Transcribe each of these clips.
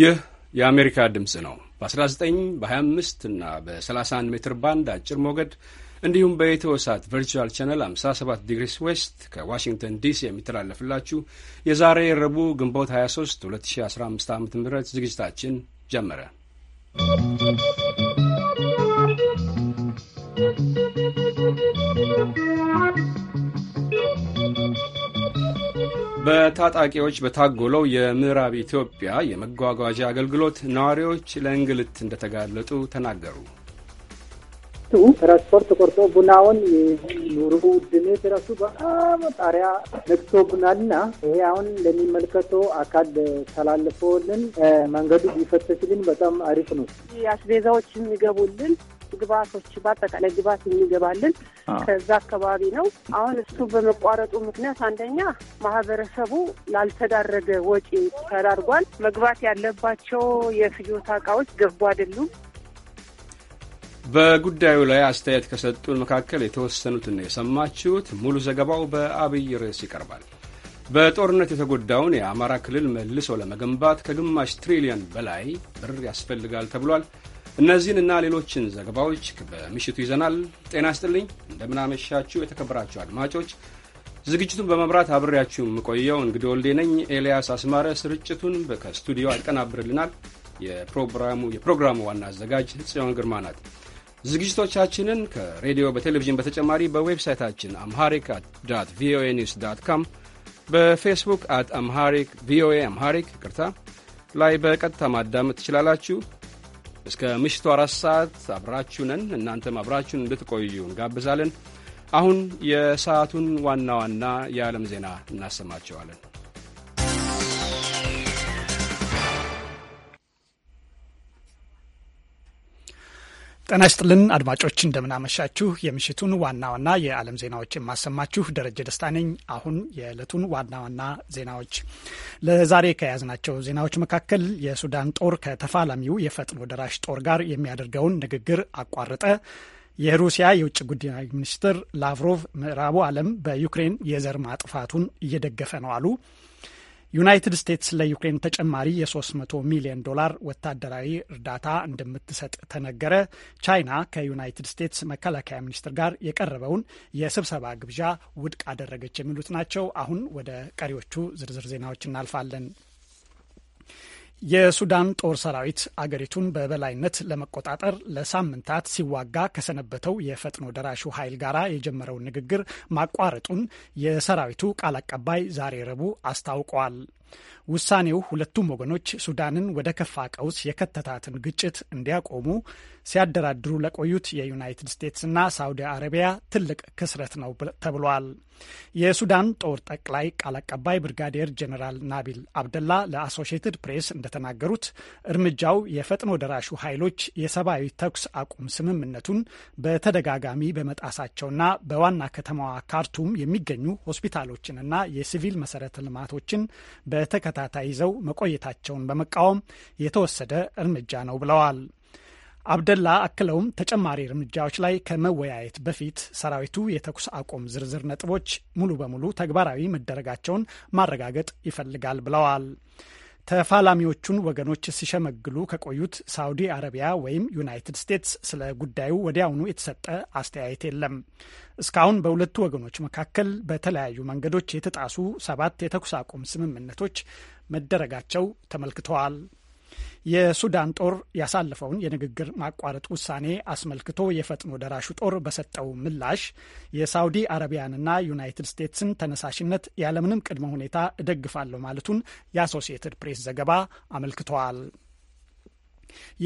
ይህ የአሜሪካ ድምፅ ነው። በ19 በ25 እና በ31 ሜትር ባንድ አጭር ሞገድ እንዲሁም በኢትዮ ሳት ቨርቹዋል ቻነል 57 ዲግሪስ ዌስት ከዋሽንግተን ዲሲ የሚተላለፍላችሁ የዛሬ ረቡዕ ግንቦት 23 2015 ዓ ም ዝግጅታችን ጀመረ። በታጣቂዎች በታጎለው የምዕራብ ኢትዮጵያ የመጓጓዣ አገልግሎት ነዋሪዎች ለእንግልት እንደተጋለጡ ተናገሩ። ትራንስፖርት ቆርጦ ቡናውን ኑሮ ውድነት ራሱ በጣም ጣሪያ ነግቶብናልና ይሄ አሁን ለሚመለከተው አካል ተላልፎልን መንገዱ ቢፈተሽልን በጣም አሪፍ ነው። አስቤዛዎች የሚገቡልን ግብአቶች በአጠቃላይ ግብአት የሚገባልን ከዛ አካባቢ ነው። አሁን እሱ በመቋረጡ ምክንያት አንደኛ ማህበረሰቡ ላልተዳረገ ወጪ ተዳርጓል። መግባት ያለባቸው የፍጆታ እቃዎች ገቡ አይደሉም። በጉዳዩ ላይ አስተያየት ከሰጡን መካከል የተወሰኑትን ነው የሰማችሁት። ሙሉ ዘገባው በአብይ ርዕስ ይቀርባል። በጦርነት የተጎዳውን የአማራ ክልል መልሶ ለመገንባት ከግማሽ ትሪሊዮን በላይ ብር ያስፈልጋል ተብሏል። እነዚህንና ሌሎችን ዘገባዎች በምሽቱ ይዘናል። ጤና ይስጥልኝ፣ እንደምናመሻችሁ የተከበራችሁ አድማጮች። ዝግጅቱን በመምራት አብሬያችሁ የምቆየው እንግዲህ ወልዴ ነኝ። ኤልያስ አስማረ ስርጭቱን ከስቱዲዮ ያቀናብርልናል። የፕሮግራሙ ዋና አዘጋጅ ጽዮን ግርማ ናት። ዝግጅቶቻችንን ከሬዲዮ በቴሌቪዥን በተጨማሪ በዌብሳይታችን አምሃሪክ ዳት ቪኦኤ ኒውስ ዳት ካም በፌስቡክ አት አምሃሪክ ቪኦኤ አምሃሪክ ቅርታ ላይ በቀጥታ ማዳመጥ ትችላላችሁ። እስከ ምሽቱ አራት ሰዓት አብራችሁነን እናንተም አብራችሁን እንድትቆዩ እንጋብዛለን። አሁን የሰዓቱን ዋና ዋና የዓለም ዜና እናሰማቸዋለን። ጤና ይስጥልን አድማጮች፣ እንደምናመሻችሁ። የምሽቱን ዋና ዋና የዓለም ዜናዎች የማሰማችሁ ደረጀ ደስታ ነኝ። አሁን የዕለቱን ዋና ዋና ዜናዎች ለዛሬ ከያዝናቸው ዜናዎች መካከል የሱዳን ጦር ከተፋላሚው የፈጥኖ ደራሽ ጦር ጋር የሚያደርገውን ንግግር አቋረጠ፣ የሩሲያ የውጭ ጉዳይ ሚኒስትር ላቭሮቭ ምዕራቡ ዓለም በዩክሬን የዘር ማጥፋቱን እየደገፈ ነው አሉ፣ ዩናይትድ ስቴትስ ለዩክሬን ተጨማሪ የ300 ሚሊዮን ዶላር ወታደራዊ እርዳታ እንደምትሰጥ ተነገረ። ቻይና ከዩናይትድ ስቴትስ መከላከያ ሚኒስትር ጋር የቀረበውን የስብሰባ ግብዣ ውድቅ አደረገች። የሚሉት ናቸው። አሁን ወደ ቀሪዎቹ ዝርዝር ዜናዎች እናልፋለን። የሱዳን ጦር ሰራዊት አገሪቱን በበላይነት ለመቆጣጠር ለሳምንታት ሲዋጋ ከሰነበተው የፈጥኖ ደራሹ ኃይል ጋር የጀመረውን ንግግር ማቋረጡን የሰራዊቱ ቃል አቀባይ ዛሬ ረቡዕ አስታውቀዋል። ውሳኔው ሁለቱም ወገኖች ሱዳንን ወደ ከፋ ቀውስ የከተታትን ግጭት እንዲያቆሙ ሲያደራድሩ ለቆዩት የዩናይትድ ስቴትስና ሳውዲ አረቢያ ትልቅ ክስረት ነው ተብሏል። የሱዳን ጦር ጠቅላይ ቃል አቀባይ ብርጋዴር ጀኔራል ናቢል አብደላ ለአሶሽየትድ ፕሬስ እንደተናገሩት እርምጃው የፈጥኖ ደራሹ ኃይሎች የሰብአዊ ተኩስ አቁም ስምምነቱን በተደጋጋሚ በመጣሳቸውና በዋና ከተማዋ ካርቱም የሚገኙ ሆስፒታሎችንና የሲቪል መሰረተ ልማቶችን በ በተከታታይ ይዘው መቆየታቸውን በመቃወም የተወሰደ እርምጃ ነው ብለዋል። አብደላ አክለውም ተጨማሪ እርምጃዎች ላይ ከመወያየት በፊት ሰራዊቱ የተኩስ አቁም ዝርዝር ነጥቦች ሙሉ በሙሉ ተግባራዊ መደረጋቸውን ማረጋገጥ ይፈልጋል ብለዋል። ተፋላሚዎቹን ወገኖች ሲሸመግሉ ከቆዩት ሳውዲ አረቢያ ወይም ዩናይትድ ስቴትስ ስለ ጉዳዩ ወዲያውኑ የተሰጠ አስተያየት የለም። እስካሁን በሁለቱ ወገኖች መካከል በተለያዩ መንገዶች የተጣሱ ሰባት የተኩስ አቁም ስምምነቶች መደረጋቸው ተመልክተዋል። የሱዳን ጦር ያሳለፈውን የንግግር ማቋረጥ ውሳኔ አስመልክቶ የፈጥኖ ደራሹ ጦር በሰጠው ምላሽ የሳውዲ አረቢያንና ዩናይትድ ስቴትስን ተነሳሽነት ያለምንም ቅድመ ሁኔታ እደግፋለሁ ማለቱን የአሶሲየትድ ፕሬስ ዘገባ አመልክተዋል።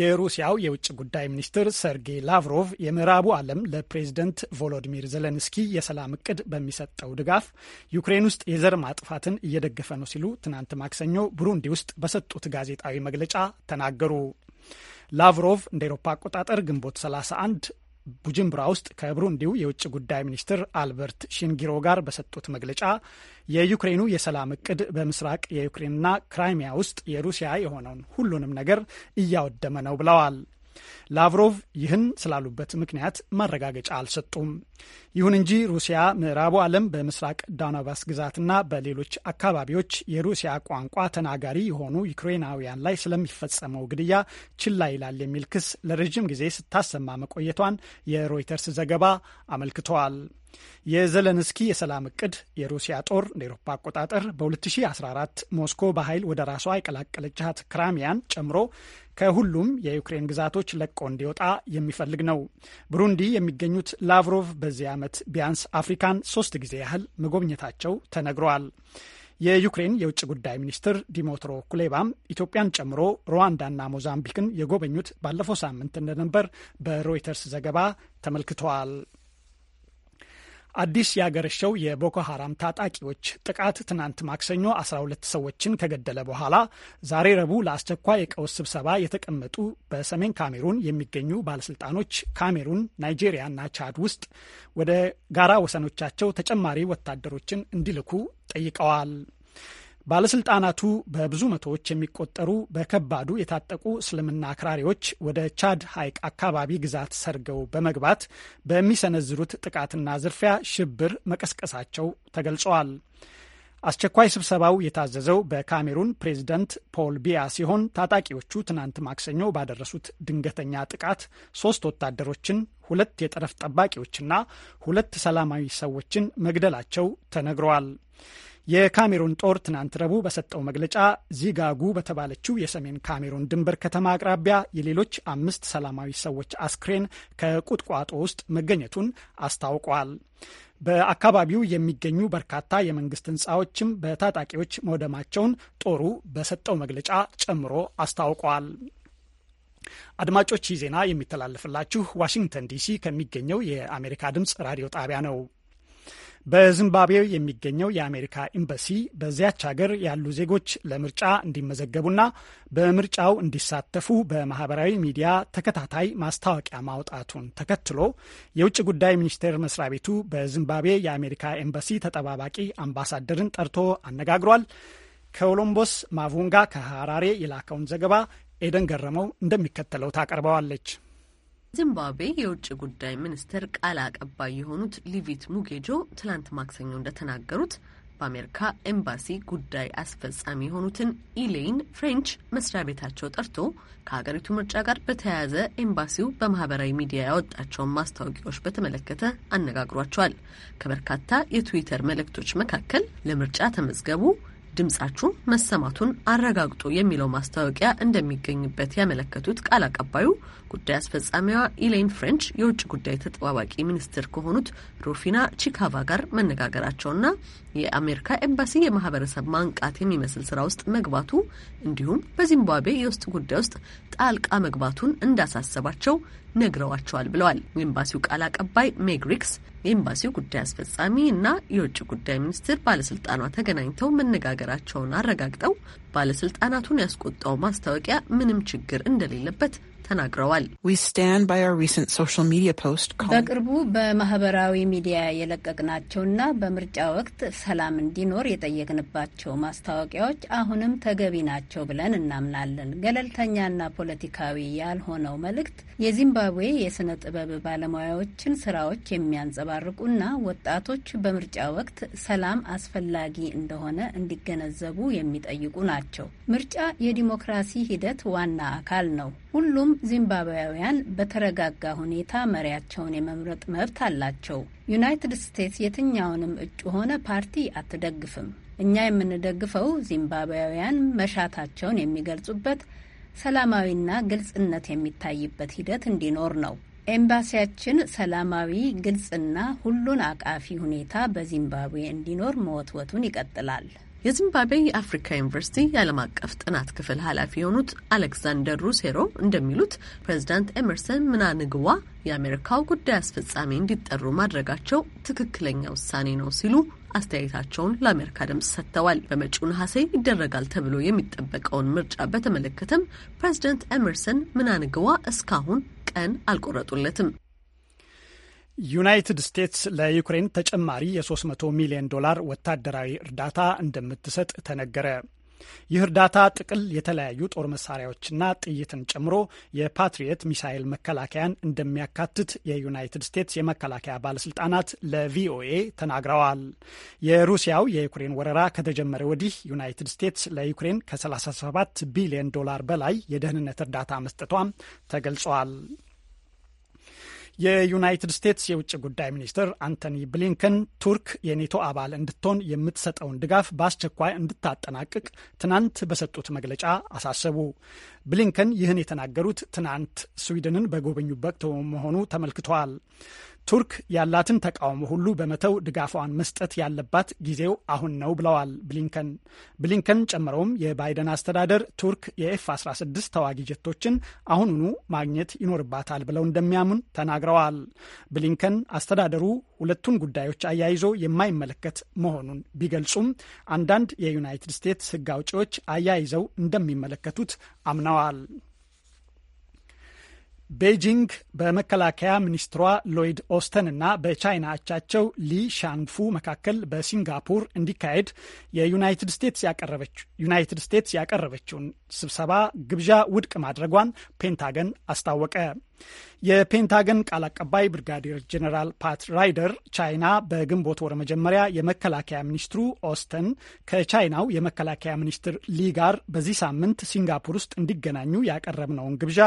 የሩሲያው የውጭ ጉዳይ ሚኒስትር ሰርጌይ ላቭሮቭ የምዕራቡ ዓለም ለፕሬዝደንት ቮሎዲሚር ዘለንስኪ የሰላም እቅድ በሚሰጠው ድጋፍ ዩክሬን ውስጥ የዘር ማጥፋትን እየደገፈ ነው ሲሉ ትናንት ማክሰኞ ብሩንዲ ውስጥ በሰጡት ጋዜጣዊ መግለጫ ተናገሩ። ላቭሮቭ እንደ ኤሮፓ አቆጣጠር ግንቦት 31 ቡጅምብራ ውስጥ ከብሩንዲው የውጭ ጉዳይ ሚኒስትር አልበርት ሽንጊሮ ጋር በሰጡት መግለጫ የዩክሬኑ የሰላም እቅድ በምስራቅ የዩክሬንና ክራይሚያ ውስጥ የሩሲያ የሆነውን ሁሉንም ነገር እያወደመ ነው ብለዋል። ላቭሮቭ ይህን ስላሉበት ምክንያት ማረጋገጫ አልሰጡም። ይሁን እንጂ ሩሲያ ምዕራቡ ዓለም በምስራቅ ዶንባስ ግዛትና በሌሎች አካባቢዎች የሩሲያ ቋንቋ ተናጋሪ የሆኑ ዩክሬናውያን ላይ ስለሚፈጸመው ግድያ ችላ ይላል የሚል ክስ ለረዥም ጊዜ ስታሰማ መቆየቷን የሮይተርስ ዘገባ አመልክተዋል። የዘለንስኪ የሰላም እቅድ የሩሲያ ጦር እንደ ኤሮፓ አቆጣጠር በ2014 ሞስኮ በኃይል ወደ ራሷ የቀላቀለቻት ክራሚያን ጨምሮ ከሁሉም የዩክሬን ግዛቶች ለቆ እንዲወጣ የሚፈልግ ነው። ብሩንዲ የሚገኙት ላቭሮቭ በዚህ ዓመት ቢያንስ አፍሪካን ሶስት ጊዜ ያህል መጎብኘታቸው ተነግረዋል። የዩክሬን የውጭ ጉዳይ ሚኒስትር ዲሞትሮ ኩሌባም ኢትዮጵያን ጨምሮ ሩዋንዳና ሞዛምቢክን የጎበኙት ባለፈው ሳምንት እንደነበር በሮይተርስ ዘገባ ተመልክተዋል። አዲስ ያገረሸው የቦኮ ሀራም ታጣቂዎች ጥቃት ትናንት ማክሰኞ 12 ሰዎችን ከገደለ በኋላ ዛሬ ረቡዕ ለአስቸኳይ የቀውስ ስብሰባ የተቀመጡ በሰሜን ካሜሩን የሚገኙ ባለስልጣኖች ካሜሩን፣ ና ቻድ ውስጥ ወደ ጋራ ወሰኖቻቸው ተጨማሪ ወታደሮችን እንዲልኩ ጠይቀዋል። ባለስልጣናቱ በብዙ መቶዎች የሚቆጠሩ በከባዱ የታጠቁ እስልምና አክራሪዎች ወደ ቻድ ሐይቅ አካባቢ ግዛት ሰርገው በመግባት በሚሰነዝሩት ጥቃትና ዝርፊያ ሽብር መቀስቀሳቸው ተገልጸዋል። አስቸኳይ ስብሰባው የታዘዘው በካሜሩን ፕሬዚደንት ፖል ቢያ ሲሆን ታጣቂዎቹ ትናንት ማክሰኞ ባደረሱት ድንገተኛ ጥቃት ሶስት ወታደሮችን፣ ሁለት የጠረፍ ጠባቂዎችና ሁለት ሰላማዊ ሰዎችን መግደላቸው ተነግረዋል። የካሜሩን ጦር ትናንት ረቡዕ በሰጠው መግለጫ ዚጋጉ በተባለችው የሰሜን ካሜሩን ድንበር ከተማ አቅራቢያ የሌሎች አምስት ሰላማዊ ሰዎች አስክሬን ከቁጥቋጦ ውስጥ መገኘቱን አስታውቋል። በአካባቢው የሚገኙ በርካታ የመንግስት ህንፃዎችም በታጣቂዎች መውደማቸውን ጦሩ በሰጠው መግለጫ ጨምሮ አስታውቋል። አድማጮች ይህ ዜና የሚተላለፍላችሁ ዋሽንግተን ዲሲ ከሚገኘው የአሜሪካ ድምፅ ራዲዮ ጣቢያ ነው። በዚምባብዌ የሚገኘው የአሜሪካ ኤምባሲ በዚያች ሀገር ያሉ ዜጎች ለምርጫ እንዲመዘገቡና በምርጫው እንዲሳተፉ በማህበራዊ ሚዲያ ተከታታይ ማስታወቂያ ማውጣቱን ተከትሎ የውጭ ጉዳይ ሚኒስቴር መስሪያ ቤቱ በዚምባብዌ የአሜሪካ ኤምባሲ ተጠባባቂ አምባሳደርን ጠርቶ አነጋግሯል። ከኮሎምቦስ ማቮንጋ ከሐራሬ የላከውን ዘገባ ኤደን ገረመው እንደሚከተለው ታቀርበዋለች። ዚምባብዌ የውጭ ጉዳይ ሚኒስትር ቃል አቀባይ የሆኑት ሊቪት ሙጌጆ ትላንት ማክሰኞ እንደተናገሩት በአሜሪካ ኤምባሲ ጉዳይ አስፈጻሚ የሆኑትን ኢሌይን ፍሬንች መስሪያ ቤታቸው ጠርቶ ከሀገሪቱ ምርጫ ጋር በተያያዘ ኤምባሲው በማህበራዊ ሚዲያ ያወጣቸውን ማስታወቂያዎች በተመለከተ አነጋግሯቸዋል። ከበርካታ የትዊተር መልእክቶች መካከል ለምርጫ ተመዝገቡ፣ ድምጻችሁ መሰማቱን አረጋግጦ የሚለው ማስታወቂያ እንደሚገኝበት ያመለከቱት ቃል አቀባዩ ጉዳይ አስፈጻሚዋ ኢሌን ፍሬንች የውጭ ጉዳይ ተጠባባቂ ሚኒስትር ከሆኑት ሮፊና ቺካቫ ጋር መነጋገራቸውና የአሜሪካ ኤምባሲ የማህበረሰብ ማንቃት የሚመስል ስራ ውስጥ መግባቱ እንዲሁም በዚምባብዌ የውስጥ ጉዳይ ውስጥ ጣልቃ መግባቱን እንዳሳሰባቸው ነግረዋቸዋል ብለዋል። የኤምባሲው ቃል አቀባይ ሜግሪክስ የኤምባሲው ጉዳይ አስፈጻሚ እና የውጭ ጉዳይ ሚኒስትር ባለስልጣኗ ተገናኝተው መነጋገራቸውን አረጋግጠው ባለስልጣናቱን ያስቆጣው ማስታወቂያ ምንም ችግር እንደሌለበት ተናግረዋል። በቅርቡ በማህበራዊ ሚዲያ የለቀቅናቸውና በምርጫ ወቅት ሰላም እንዲኖር የጠየቅንባቸው ማስታወቂያዎች አሁንም ተገቢ ናቸው ብለን እናምናለን። ገለልተኛና ፖለቲካዊ ያልሆነው መልእክት የዚምባብዌ የስነ ጥበብ ባለሙያዎችን ስራዎች የሚያንጸባርቁና ወጣቶች በምርጫ ወቅት ሰላም አስፈላጊ እንደሆነ እንዲገነዘቡ የሚጠይቁ ናቸው። ምርጫ የዲሞክራሲ ሂደት ዋና አካል ነው። ሁሉም ዚምባብዌያውያን በተረጋጋ ሁኔታ መሪያቸውን የመምረጥ መብት አላቸው። ዩናይትድ ስቴትስ የትኛውንም እጩ ሆነ ፓርቲ አትደግፍም። እኛ የምንደግፈው ዚምባብዌያውያን መሻታቸውን የሚገልጹበት ሰላማዊና ግልጽነት የሚታይበት ሂደት እንዲኖር ነው። ኤምባሲያችን ሰላማዊ፣ ግልጽና ሁሉን አቃፊ ሁኔታ በዚምባብዌ እንዲኖር መወትወቱን ይቀጥላል። የዚምባብዌ የአፍሪካ ዩኒቨርሲቲ የዓለም አቀፍ ጥናት ክፍል ኃላፊ የሆኑት አሌክዛንደር ሩሴሮ እንደሚሉት ፕሬዚዳንት ኤመርሰን ምናንግዋ የአሜሪካው ጉዳይ አስፈጻሚ እንዲጠሩ ማድረጋቸው ትክክለኛ ውሳኔ ነው ሲሉ አስተያየታቸውን ለአሜሪካ ድምጽ ሰጥተዋል። በመጪው ነሐሴ ይደረጋል ተብሎ የሚጠበቀውን ምርጫ በተመለከተም ፕሬዚደንት ኤመርሰን ምናንግዋ እስካሁን ቀን አልቆረጡለትም። ዩናይትድ ስቴትስ ለዩክሬን ተጨማሪ የ300 ሚሊዮን ዶላር ወታደራዊ እርዳታ እንደምትሰጥ ተነገረ። ይህ እርዳታ ጥቅል የተለያዩ ጦር መሳሪያዎችና ጥይትን ጨምሮ የፓትሪየት ሚሳይል መከላከያን እንደሚያካትት የዩናይትድ ስቴትስ የመከላከያ ባለስልጣናት ለቪኦኤ ተናግረዋል። የሩሲያው የዩክሬን ወረራ ከተጀመረ ወዲህ ዩናይትድ ስቴትስ ለዩክሬን ከ37 ቢሊዮን ዶላር በላይ የደህንነት እርዳታ መስጠቷም ተገልጿል። የዩናይትድ ስቴትስ የውጭ ጉዳይ ሚኒስትር አንቶኒ ብሊንከን ቱርክ የኔቶ አባል እንድትሆን የምትሰጠውን ድጋፍ በአስቸኳይ እንድታጠናቅቅ ትናንት በሰጡት መግለጫ አሳሰቡ። ብሊንከን ይህን የተናገሩት ትናንት ስዊድንን በጎበኙበት መሆኑ ተመልክቷል። ቱርክ ያላትን ተቃውሞ ሁሉ በመተው ድጋፏን መስጠት ያለባት ጊዜው አሁን ነው ብለዋል ብሊንከን። ብሊንከን ጨምረውም የባይደን አስተዳደር ቱርክ የኤፍ 16 ተዋጊ ጀቶችን አሁኑኑ ማግኘት ይኖርባታል ብለው እንደሚያምን ተናግረዋል። ብሊንከን አስተዳደሩ ሁለቱን ጉዳዮች አያይዞ የማይመለከት መሆኑን ቢገልጹም አንዳንድ የዩናይትድ ስቴትስ ሕግ አውጪዎች አያይዘው እንደሚመለከቱት አምነዋል። ቤጂንግ በመከላከያ ሚኒስትሯ ሎይድ ኦስተን እና በቻይና አቻቸው ሊ ሻንፉ መካከል በሲንጋፖር እንዲካሄድ የዩናይትድ ስቴትስ ያቀረበችውን ስብሰባ ግብዣ ውድቅ ማድረጓን ፔንታገን አስታወቀ። የፔንታገን ቃል አቀባይ ብርጋዴር ጀኔራል ፓት ራይደር ቻይና በግንቦት ወር መጀመሪያ የመከላከያ ሚኒስትሩ ኦስተን ከቻይናው የመከላከያ ሚኒስትር ሊ ጋር በዚህ ሳምንት ሲንጋፖር ውስጥ እንዲገናኙ ያቀረብነውን ግብዣ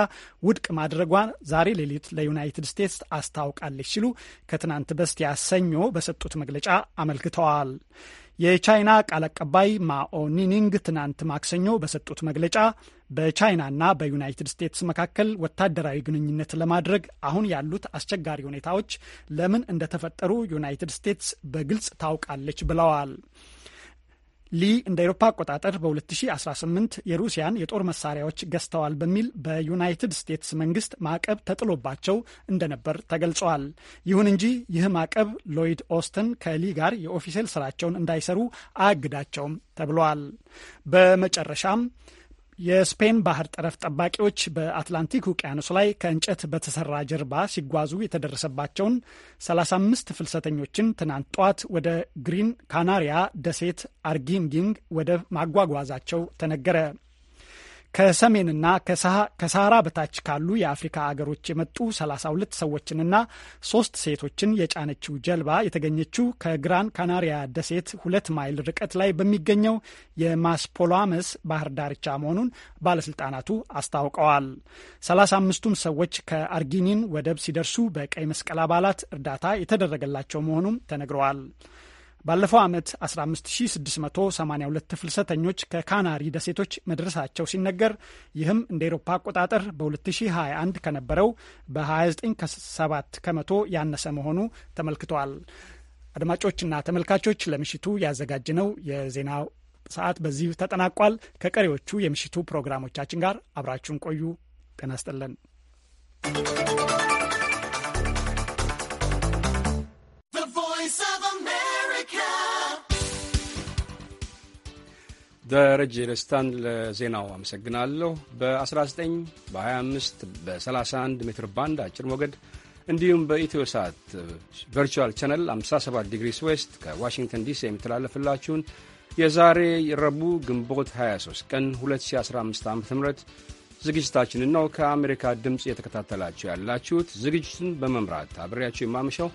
ውድቅ ማድረጓን ዛሬ ሌሊት ለዩናይትድ ስቴትስ አስታውቃለች ሲሉ ከትናንት በስቲያ ሰኞ በሰጡት መግለጫ አመልክተዋል። የቻይና ቃል አቀባይ ማኦኒኒንግ ትናንት ማክሰኞ በሰጡት መግለጫ በቻይናና በዩናይትድ ስቴትስ መካከል ወታደራዊ ግንኙነት ለማድረግ አሁን ያሉት አስቸጋሪ ሁኔታዎች ለምን እንደተፈጠሩ ዩናይትድ ስቴትስ በግልጽ ታውቃለች ብለዋል። ሊ እንደ ኤሮፓ አቆጣጠር በ2018 የሩሲያን የጦር መሳሪያዎች ገዝተዋል በሚል በዩናይትድ ስቴትስ መንግስት ማዕቀብ ተጥሎባቸው እንደነበር ተገልጿል። ይሁን እንጂ ይህ ማዕቀብ ሎይድ ኦስተን ከሊ ጋር የኦፊሴል ስራቸውን እንዳይሰሩ አያግዳቸውም ተብሏል። በመጨረሻም የስፔን ባህር ጠረፍ ጠባቂዎች በአትላንቲክ ውቅያኖስ ላይ ከእንጨት በተሰራ ጀልባ ሲጓዙ የተደረሰባቸውን 35 ፍልሰተኞችን ትናንት ጠዋት ወደ ግሪን ካናሪያ ደሴት አርጊንጊንግ ወደብ ማጓጓዛቸው ተነገረ። ከሰሜንና ከሰሃራ በታች ካሉ የአፍሪካ አገሮች የመጡ 32 ሰዎችንና ሶስት ሴቶችን የጫነችው ጀልባ የተገኘችው ከግራን ካናሪያ ደሴት ሁለት ማይል ርቀት ላይ በሚገኘው የማስፖላመስ ባህር ዳርቻ መሆኑን ባለስልጣናቱ አስታውቀዋል። 35ቱም ሰዎች ከአርጊኒን ወደብ ሲደርሱ በቀይ መስቀል አባላት እርዳታ የተደረገላቸው መሆኑም ተነግረዋል። ባለፈው ዓመት 15682 ፍልሰተኞች ከካናሪ ደሴቶች መድረሳቸው ሲነገር ይህም እንደ ኤሮፓ አቆጣጠር በ2021 ከነበረው በ29.7 ከመቶ ያነሰ መሆኑ ተመልክቷል። አድማጮችና ተመልካቾች ለምሽቱ ያዘጋጅነው የዜና ሰዓት በዚህ ተጠናቋል። ከቀሪዎቹ የምሽቱ ፕሮግራሞቻችን ጋር አብራችሁን ቆዩ። ጤና ይስጥልን። ደረጀ ደስታን ለዜናው አመሰግናለሁ። በ19 በ25 በ31 ሜትር ባንድ አጭር ሞገድ እንዲሁም በኢትዮ ሳት ቨርቹዋል ቻነል 57 ዲግሪስ ዌስት ከዋሽንግተን ዲሲ የሚተላለፍላችሁን የዛሬ ረቡዕ ግንቦት 23 ቀን 2015 ዓ ም ዝግጅታችንን ነው ከአሜሪካ ድምፅ የተከታተላችሁ ያላችሁት። ዝግጅቱን በመምራት አብሬያችሁ የማመሸው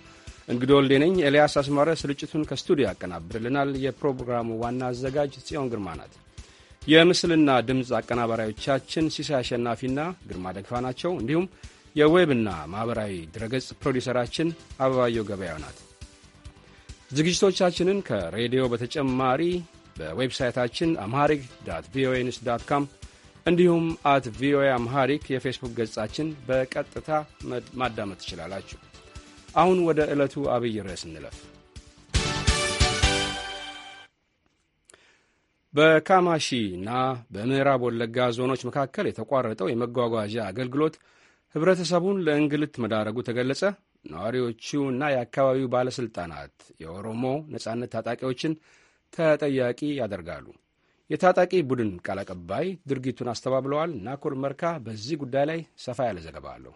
እንግዶ ወልዴ ነኝ። ኤልያስ አስማረ ስርጭቱን ከስቱዲዮ ያቀናብርልናል። የፕሮግራሙ ዋና አዘጋጅ ጽዮን ግርማ ናት። የምስልና ድምፅ አቀናባሪዎቻችን ሲሳይ አሸናፊና ግርማ ደግፋ ናቸው። እንዲሁም የዌብና ማኅበራዊ ድረገጽ ፕሮዲውሰራችን አበባየው ገበያው ናት። ዝግጅቶቻችንን ከሬዲዮ በተጨማሪ በዌብሳይታችን አምሃሪክ ዳት ቪኦኤ ኒውስ ዳት ካም እንዲሁም አት ቪኦኤ አምሃሪክ የፌስቡክ ገጻችን በቀጥታ ማዳመጥ ትችላላችሁ። አሁን ወደ ዕለቱ አብይ ርዕስ እንለፍ። እና በምዕራብ ወለጋ ዞኖች መካከል የተቋረጠው የመጓጓዣ አገልግሎት ህብረተሰቡን ለእንግልት መዳረጉ ተገለጸ። ነዋሪዎቹና የአካባቢው ባለሥልጣናት የኦሮሞ ነጻነት ታጣቂዎችን ተጠያቂ ያደርጋሉ። የታጣቂ ቡድን ቃል አቀባይ ድርጊቱን አስተባብለዋል። ናኮር መርካ በዚህ ጉዳይ ላይ ሰፋ ያለ ዘገባ አለው።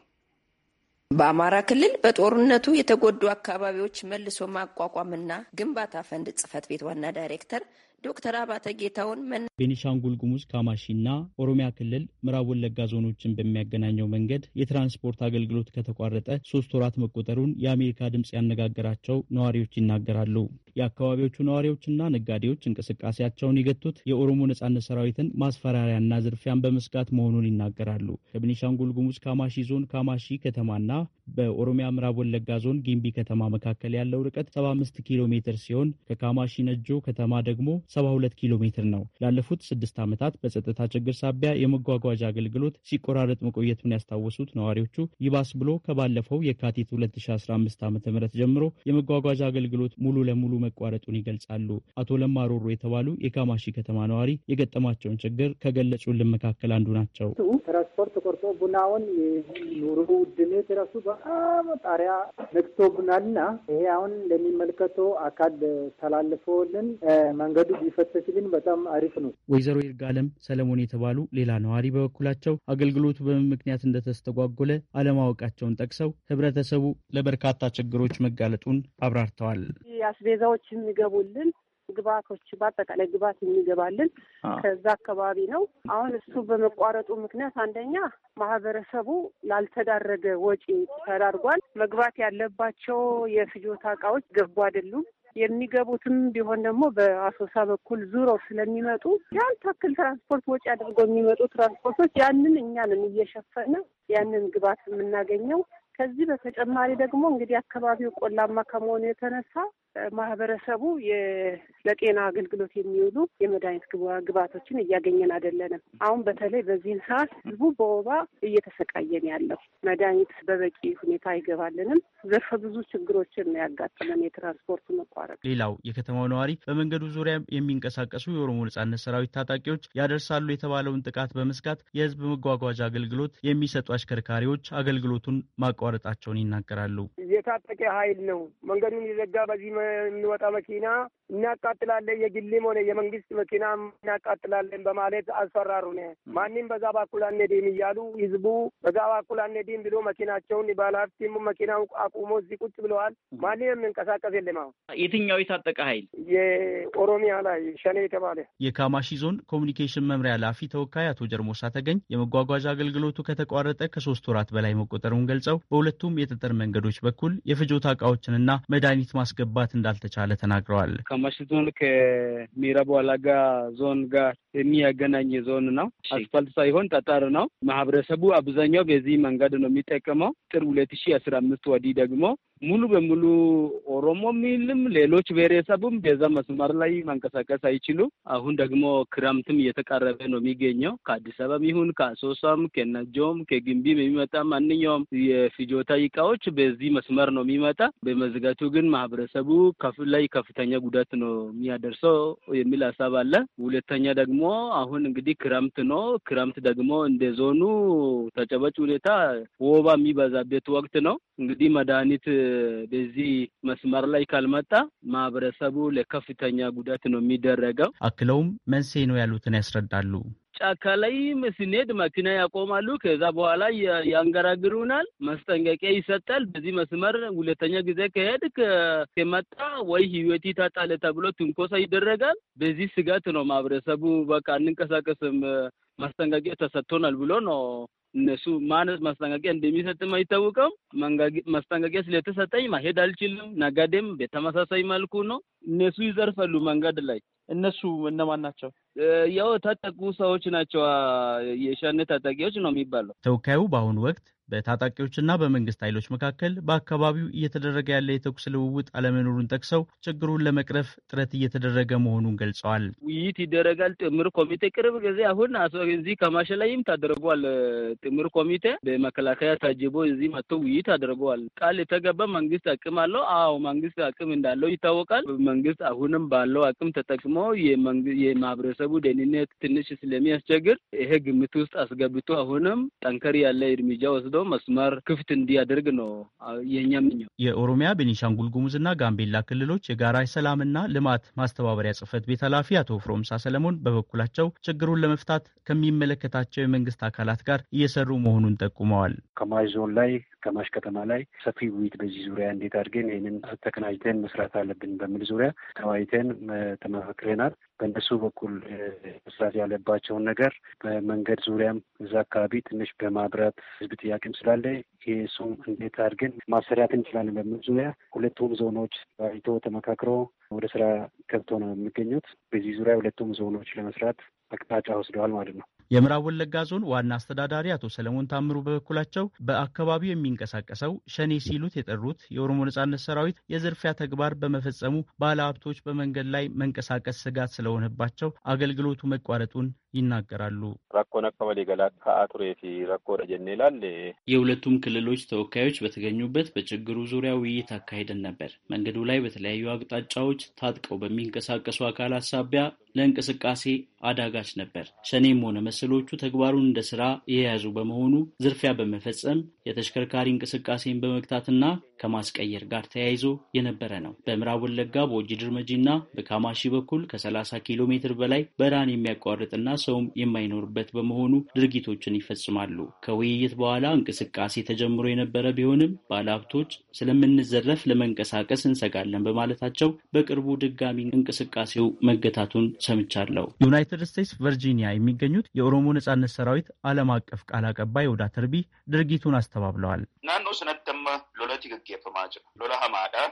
በአማራ ክልል በጦርነቱ የተጎዱ አካባቢዎች መልሶ ማቋቋምና ግንባታ ፈንድ ጽህፈት ቤት ዋና ዳይሬክተር ዶክተር አባተ ጌታውን መና ቤኒሻንጉል ጉሙዝ ካማሺና ኦሮሚያ ክልል ምዕራብ ወለጋ ዞኖችን በሚያገናኘው መንገድ የትራንስፖርት አገልግሎት ከተቋረጠ ሶስት ወራት መቆጠሩን የአሜሪካ ድምፅ ያነጋገራቸው ነዋሪዎች ይናገራሉ። የአካባቢዎቹ ነዋሪዎችና ነጋዴዎች እንቅስቃሴያቸውን የገቱት የኦሮሞ ነጻነት ሰራዊትን ማስፈራሪያና ዝርፊያን በመስጋት መሆኑን ይናገራሉ። ከቤኒሻንጉል ጉሙዝ ካማሺ ዞን ካማሺ ከተማና በኦሮሚያ ምዕራብ ወለጋ ዞን ጊምቢ ከተማ መካከል ያለው ርቀት 75 ኪሎ ሜትር ሲሆን ከካማሺ ነጆ ከተማ ደግሞ 72 ኪሎ ሜትር ነው። ላለፉት ስድስት ዓመታት በጸጥታ ችግር ሳቢያ የመጓጓዣ አገልግሎት ሲቆራረጥ መቆየቱን ያስታወሱት ነዋሪዎቹ ይባስ ብሎ ከባለፈው የካቲት 2015 ዓ ም ጀምሮ የመጓጓዣ አገልግሎት ሙሉ ለሙሉ መቋረጡን ይገልጻሉ። አቶ ለማሮሮ የተባሉ የካማሺ ከተማ ነዋሪ የገጠማቸውን ችግር ከገለጹልን መካከል አንዱ ናቸው። ትራንስፖርት ቆርጦ ቡናውን ኑሮ ውድነት ራሱ በጣም ጣሪያ ነክቶብናልና ይሄ አሁን ለሚመለከተው አካል ተላልፎልን መንገዱ ግን በጣም አሪፍ ነው። ወይዘሮ ይርጋለም ሰለሞን የተባሉ ሌላ ነዋሪ በበኩላቸው አገልግሎቱ በምን ምክንያት እንደተስተጓጎለ አለማወቃቸውን ጠቅሰው ህብረተሰቡ ለበርካታ ችግሮች መጋለጡን አብራርተዋል። አስቤዛዎች የሚገቡልን ግባቶች በአጠቃላይ ግባት የሚገባልን ከዛ አካባቢ ነው። አሁን እሱ በመቋረጡ ምክንያት አንደኛ ማህበረሰቡ ላልተዳረገ ወጪ ተዳርጓል። መግባት ያለባቸው የፍጆታ እቃዎች ገቡ አይደሉም። የሚገቡትም ቢሆን ደግሞ በአሶሳ በኩል ዙረው ስለሚመጡ ያን ታክል ትራንስፖርት ወጪ አድርገው የሚመጡ ትራንስፖርቶች ያንን እኛንም እየሸፈነ ያንን ግባት የምናገኘው ከዚህ በተጨማሪ ደግሞ እንግዲህ አካባቢው ቆላማ ከመሆኑ የተነሳ ማህበረሰቡ ለጤና አገልግሎት የሚውሉ የመድኃኒት ግብዓቶችን እያገኘን አይደለንም። አሁን በተለይ በዚህን ሰዓት ህዝቡ በወባ እየተሰቃየን ያለው መድኃኒት በበቂ ሁኔታ አይገባልንም። ዘርፈ ብዙ ችግሮችን ነው ያጋጥመን፣ የትራንስፖርት መቋረጥ። ሌላው የከተማው ነዋሪ በመንገዱ ዙሪያ የሚንቀሳቀሱ የኦሮሞ ነጻነት ሰራዊት ታጣቂዎች ያደርሳሉ የተባለውን ጥቃት በመስጋት የህዝብ መጓጓዣ አገልግሎት የሚሰጡ አሽከርካሪዎች አገልግሎቱን ማቋረጣቸውን ይናገራሉ። የታጠቀ ኃይል ነው መንገዱን የዘጋ በዚህ የሚወጣ መኪና እናቃጥላለን፣ የግልም ሆነ የመንግስት መኪና እናቃጥላለን በማለት አስፈራሩን። ማንም በዛ በኩል አንሄድም እያሉ ህዝቡ በዛ በኩል አንሄድም ብሎ መኪናቸውን ባለሀብትም መኪናው አቁሞ እዚህ ቁጭ ብለዋል። ማንም የምንቀሳቀስ የለም። አሁን የትኛው የታጠቀ ኃይል የኦሮሚያ ላይ ሸኔ የተባለ የካማሺ ዞን ኮሚኒኬሽን መምሪያ ኃላፊ ተወካይ አቶ ጀርሞሳ ተገኝ የመጓጓዣ አገልግሎቱ ከተቋረጠ ከሶስት ወራት በላይ መቆጠሩን ገልጸው በሁለቱም የጠጠር መንገዶች በኩል የፍጆታ እቃዎችንና መድኃኒት ማስገባት እንዳልተቻለ ተናግረዋል። ከማሺ ዞን ከምዕራብ ወለጋ ዞን ጋር የሚያገናኝ ዞን ነው። አስፋልት ሳይሆን ጠጠር ነው። ማህበረሰቡ አብዛኛው በዚህ መንገድ ነው የሚጠቀመው። ጥር ሁለት ሺ አስራ አምስት ወዲህ ደግሞ ሙሉ በሙሉ ኦሮሞ ሚልም ሌሎች ብሔረሰቡም በዛ መስመር ላይ መንቀሳቀስ አይችሉ። አሁን ደግሞ ክረምትም እየተቃረበ ነው የሚገኘው። ከአዲስ አበባም ይሁን ከአሶሳም፣ ከነጆም፣ ከግንቢም የሚመጣ ማንኛውም የፍጆታ እቃዎች በዚህ መስመር ነው የሚመጣ። በመዝጋቱ ግን ማህበረሰቡ ከፍ ላይ ከፍተኛ ጉዳት ነው የሚያደርሰው የሚል ሀሳብ አለ። ሁለተኛ ደግሞ አሁን እንግዲህ ክረምት ነው። ክረምት ደግሞ እንደ ዞኑ ተጨባጭ ሁኔታ ወባ የሚበዛበት ወቅት ነው። እንግዲህ መድኃኒት በዚህ መስመር ላይ ካልመጣ ማህበረሰቡ ለከፍተኛ ጉዳት ነው የሚደረገው። አክለውም መንስኤ ነው ያሉትን ያስረዳሉ። ጫካ ላይም ስንሄድ መኪና ያቆማሉ። ከዛ በኋላ ያንገራግሩናል፣ ማስጠንቀቂያ ይሰጣል። በዚህ መስመር ሁለተኛ ጊዜ ከሄድ ከመጣ ወይ ህይወት ይታጣል ተብሎ ትንኮሳ ይደረጋል። በዚህ ስጋት ነው ማህበረሰቡ በቃ እንንቀሳቀስም ማስጠንቀቂያ ተሰጥቶናል ብሎ ነው እነሱ ማነት ማስጠንቀቂያ እንደሚሰጥም አይታወቅም። ማስጠንቀቂያ ስለተሰጠኝ ማሄድ አልችልም። ነጋዴም በተመሳሳይ መልኩ ነው። እነሱ ይዘርፈሉ መንገድ ላይ። እነሱ እነማን ናቸው? ያው ታጠቁ ሰዎች ናቸው የሸኔ ታጣቂዎች ነው የሚባለው። ተወካዩ በአሁኑ ወቅት በታጣቂዎችና በመንግስት ኃይሎች መካከል በአካባቢው እየተደረገ ያለ የተኩስ ልውውጥ አለመኖሩን ጠቅሰው ችግሩን ለመቅረፍ ጥረት እየተደረገ መሆኑን ገልጸዋል። ውይይት ይደረጋል። ጥምር ኮሚቴ ቅርብ ጊዜ አሁን እዚህ ከማሽ ላይም ታደርጓል ጥምር ኮሚቴ በመከላከያ ታጅቦ እዚህ መጥቶ ውይይት አድርገዋል። ቃል የተገባ መንግስት አቅም አለው። አዎ መንግስት አቅም እንዳለው ይታወቃል። መንግስት አሁንም ባለው አቅም ተጠቅሞ የማህበረሰቡ ደህንነት ትንሽ ስለሚያስቸግር ይሄ ግምት ውስጥ አስገብቶ አሁንም ጠንከር ያለ እርምጃ ወስዶ ተያይዞ መስመር ክፍት እንዲያደርግ ነው የኛ ምኛው። የኦሮሚያ ቤኒሻንጉል ጉሙዝና ጋምቤላ ክልሎች የጋራ ሰላምና ልማት ማስተባበሪያ ጽህፈት ቤት ኃላፊ አቶ ፍሮምሳ ሰለሞን በበኩላቸው ችግሩን ለመፍታት ከሚመለከታቸው የመንግስት አካላት ጋር እየሰሩ መሆኑን ጠቁመዋል። ከማሽ ዞን ላይ ከማሽ ከተማ ላይ ሰፊ ውይይት በዚህ ዙሪያ እንዴት አድርገን ይህንን ተቀናጅተን መስራት አለብን በሚል ዙሪያ ተወያይተን ተመካክረናል። በእነሱ በኩል መስራት ያለባቸውን ነገር በመንገድ ዙሪያም እዛ አካባቢ ትንሽ በማብራት ህዝብ ጥያቄም ስላለ የእሱም እንዴት አድርገን ማሰሪያት እንችላለን በምን ዙሪያ ሁለቱም ዞኖች አይቶ ተመካክሮ ወደ ስራ ገብቶ ነው የሚገኙት። በዚህ ዙሪያ ሁለቱም ዞኖች ለመስራት አቅጣጫ ወስደዋል ማለት ነው። የምዕራብ ወለጋ ዞን ዋና አስተዳዳሪ አቶ ሰለሞን ታምሩ በበኩላቸው በአካባቢው የሚንቀሳቀሰው ሸኔ ሲሉት የጠሩት የኦሮሞ ነጻነት ሰራዊት የዝርፊያ ተግባር በመፈጸሙ ባለሀብቶች በመንገድ ላይ መንቀሳቀስ ስጋት ስለሆነባቸው አገልግሎቱ መቋረጡን ይናገራሉ። ረኮን አከመሌ ገላ ከአቱሬ ፊ ረኮደ ጀኔ ላለ የሁለቱም ክልሎች ተወካዮች በተገኙበት በችግሩ ዙሪያ ውይይት አካሄደን ነበር። መንገዱ ላይ በተለያዩ አቅጣጫዎች ታጥቀው በሚንቀሳቀሱ አካላት ሳቢያ ለእንቅስቃሴ አዳጋች ነበር። ሸኔም ሆነ መሰሎቹ ተግባሩን እንደ ስራ የያዙ በመሆኑ ዝርፊያ በመፈጸም የተሽከርካሪ እንቅስቃሴን በመግታትና ከማስቀየር ጋር ተያይዞ የነበረ ነው። በምዕራብ ወለጋ በወጂ ድርመጂ እና በካማሺ በኩል ከ30 ኪሎ ሜትር በላይ በረሃን የሚያቋርጥና ሰውም የማይኖርበት በመሆኑ ድርጊቶችን ይፈጽማሉ። ከውይይት በኋላ እንቅስቃሴ ተጀምሮ የነበረ ቢሆንም ባለሀብቶች ስለምንዘረፍ ለመንቀሳቀስ እንሰጋለን በማለታቸው በቅርቡ ድጋሚ እንቅስቃሴው መገታቱን ሰምቻለሁ። ዩናይትድ ስቴትስ ቨርጂኒያ የሚገኙት የኦሮሞ ነጻነት ሰራዊት ዓለም አቀፍ ቃል አቀባይ ወዳ ተርቢ ድርጊቱን አስተባብለዋል። ናኖ ስነደማ irratti gaggeeffamaa jira. Lola hamaadha.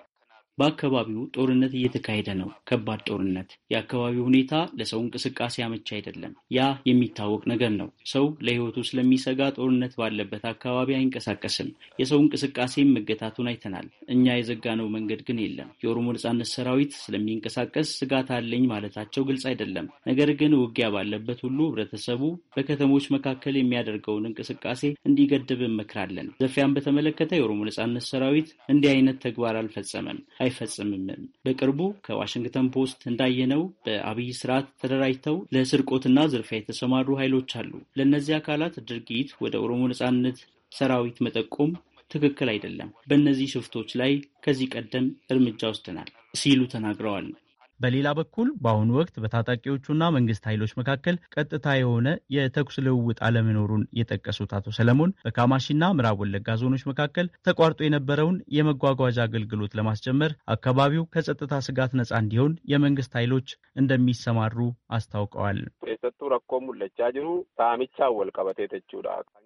በአካባቢው ጦርነት እየተካሄደ ነው። ከባድ ጦርነት። የአካባቢው ሁኔታ ለሰው እንቅስቃሴ አመቻ አይደለም። ያ የሚታወቅ ነገር ነው። ሰው ለሕይወቱ ስለሚሰጋ ጦርነት ባለበት አካባቢ አይንቀሳቀስም። የሰው እንቅስቃሴም መገታቱን አይተናል። እኛ የዘጋነው መንገድ ግን የለም። የኦሮሞ ነጻነት ሰራዊት ስለሚንቀሳቀስ ስጋት አለኝ ማለታቸው ግልጽ አይደለም። ነገር ግን ውጊያ ባለበት ሁሉ ህብረተሰቡ በከተሞች መካከል የሚያደርገውን እንቅስቃሴ እንዲገድብ እመክራለን። ዘፊያን በተመለከተ የኦሮሞ ነጻነት ሰራዊት እንዲህ አይነት ተግባር አልፈጸመም። አይፈጽምምም። በቅርቡ ከዋሽንግተን ፖስት እንዳየነው በአብይ ስርዓት ተደራጅተው ለስርቆትና ዝርፊያ የተሰማሩ ኃይሎች አሉ። ለእነዚህ አካላት ድርጊት ወደ ኦሮሞ ነጻነት ሰራዊት መጠቆም ትክክል አይደለም። በእነዚህ ሽፍቶች ላይ ከዚህ ቀደም እርምጃ ወስደናል ሲሉ ተናግረዋል። በሌላ በኩል በአሁኑ ወቅት በታጣቂዎቹና መንግስት ኃይሎች መካከል ቀጥታ የሆነ የተኩስ ልውውጥ አለመኖሩን የጠቀሱት አቶ ሰለሞን በካማሺና ምዕራብ ወለጋ ዞኖች መካከል ተቋርጦ የነበረውን የመጓጓዣ አገልግሎት ለማስጀመር አካባቢው ከጸጥታ ስጋት ነጻ እንዲሆን የመንግስት ኃይሎች እንደሚሰማሩ አስታውቀዋል።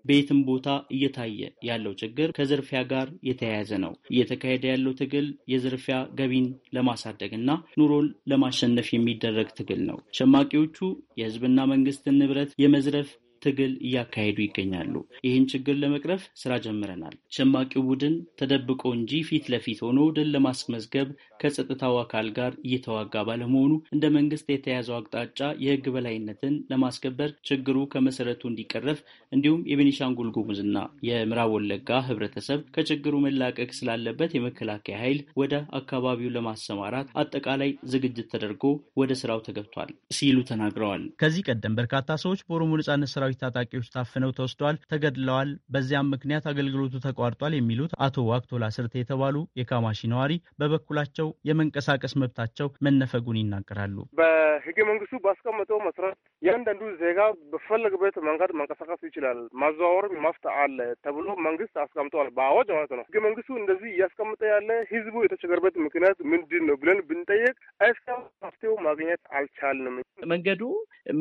ቤትም ቦታ እየታየ ያለው ችግር ከዝርፊያ ጋር የተያያዘ ነው። እየተካሄደ ያለው ትግል የዝርፊያ ገቢን ለማሳደግ እና ኑሮን ለማሸነፍ የሚደረግ ትግል ነው። ሸማቂዎቹ የህዝብና መንግስትን ንብረት የመዝረፍ ትግል እያካሄዱ ይገኛሉ። ይህን ችግር ለመቅረፍ ስራ ጀምረናል። ሸማቂው ቡድን ተደብቆ እንጂ ፊት ለፊት ሆኖ ድል ለማስመዝገብ ከጸጥታው አካል ጋር እየተዋጋ ባለመሆኑ እንደ መንግስት የተያዘው አቅጣጫ የህግ በላይነትን ለማስከበር ችግሩ ከመሰረቱ እንዲቀረፍ እንዲሁም የቤኒሻንጉል ጉሙዝና የምዕራብ ወለጋ ህብረተሰብ ከችግሩ መላቀቅ ስላለበት የመከላከያ ኃይል ወደ አካባቢው ለማሰማራት አጠቃላይ ዝግጅት ተደርጎ ወደ ስራው ተገብቷል ሲሉ ተናግረዋል። ከዚህ ቀደም በርካታ ሰዎች በኦሮሞ ነጻነት ስራ። በወታደራዊ ታጣቂዎች ታፍነው ተወስደዋል፣ ተገድለዋል፣ በዚያም ምክንያት አገልግሎቱ ተቋርጧል የሚሉት አቶ ዋቅቶላ ስርቴ የተባሉ የካማሺ ነዋሪ በበኩላቸው የመንቀሳቀስ መብታቸው መነፈጉን ይናገራሉ። በህገ መንግስቱ ባስቀመጠው መሰረት እያንዳንዱ ዜጋ በፈለገበት መንገድ መንቀሳቀስ ይችላል፣ ማዘዋወርም መብት አለ ተብሎ መንግስት አስቀምጠዋል። በአዋጅ ማለት ነው። ህገ መንግስቱ እንደዚህ እያስቀመጠ ያለ ህዝቡ የተቸገረበት ምክንያት ምንድን ነው ብለን ብንጠየቅ እስካሁን መፍትሄው ማግኘት አልቻልንም። መንገዱ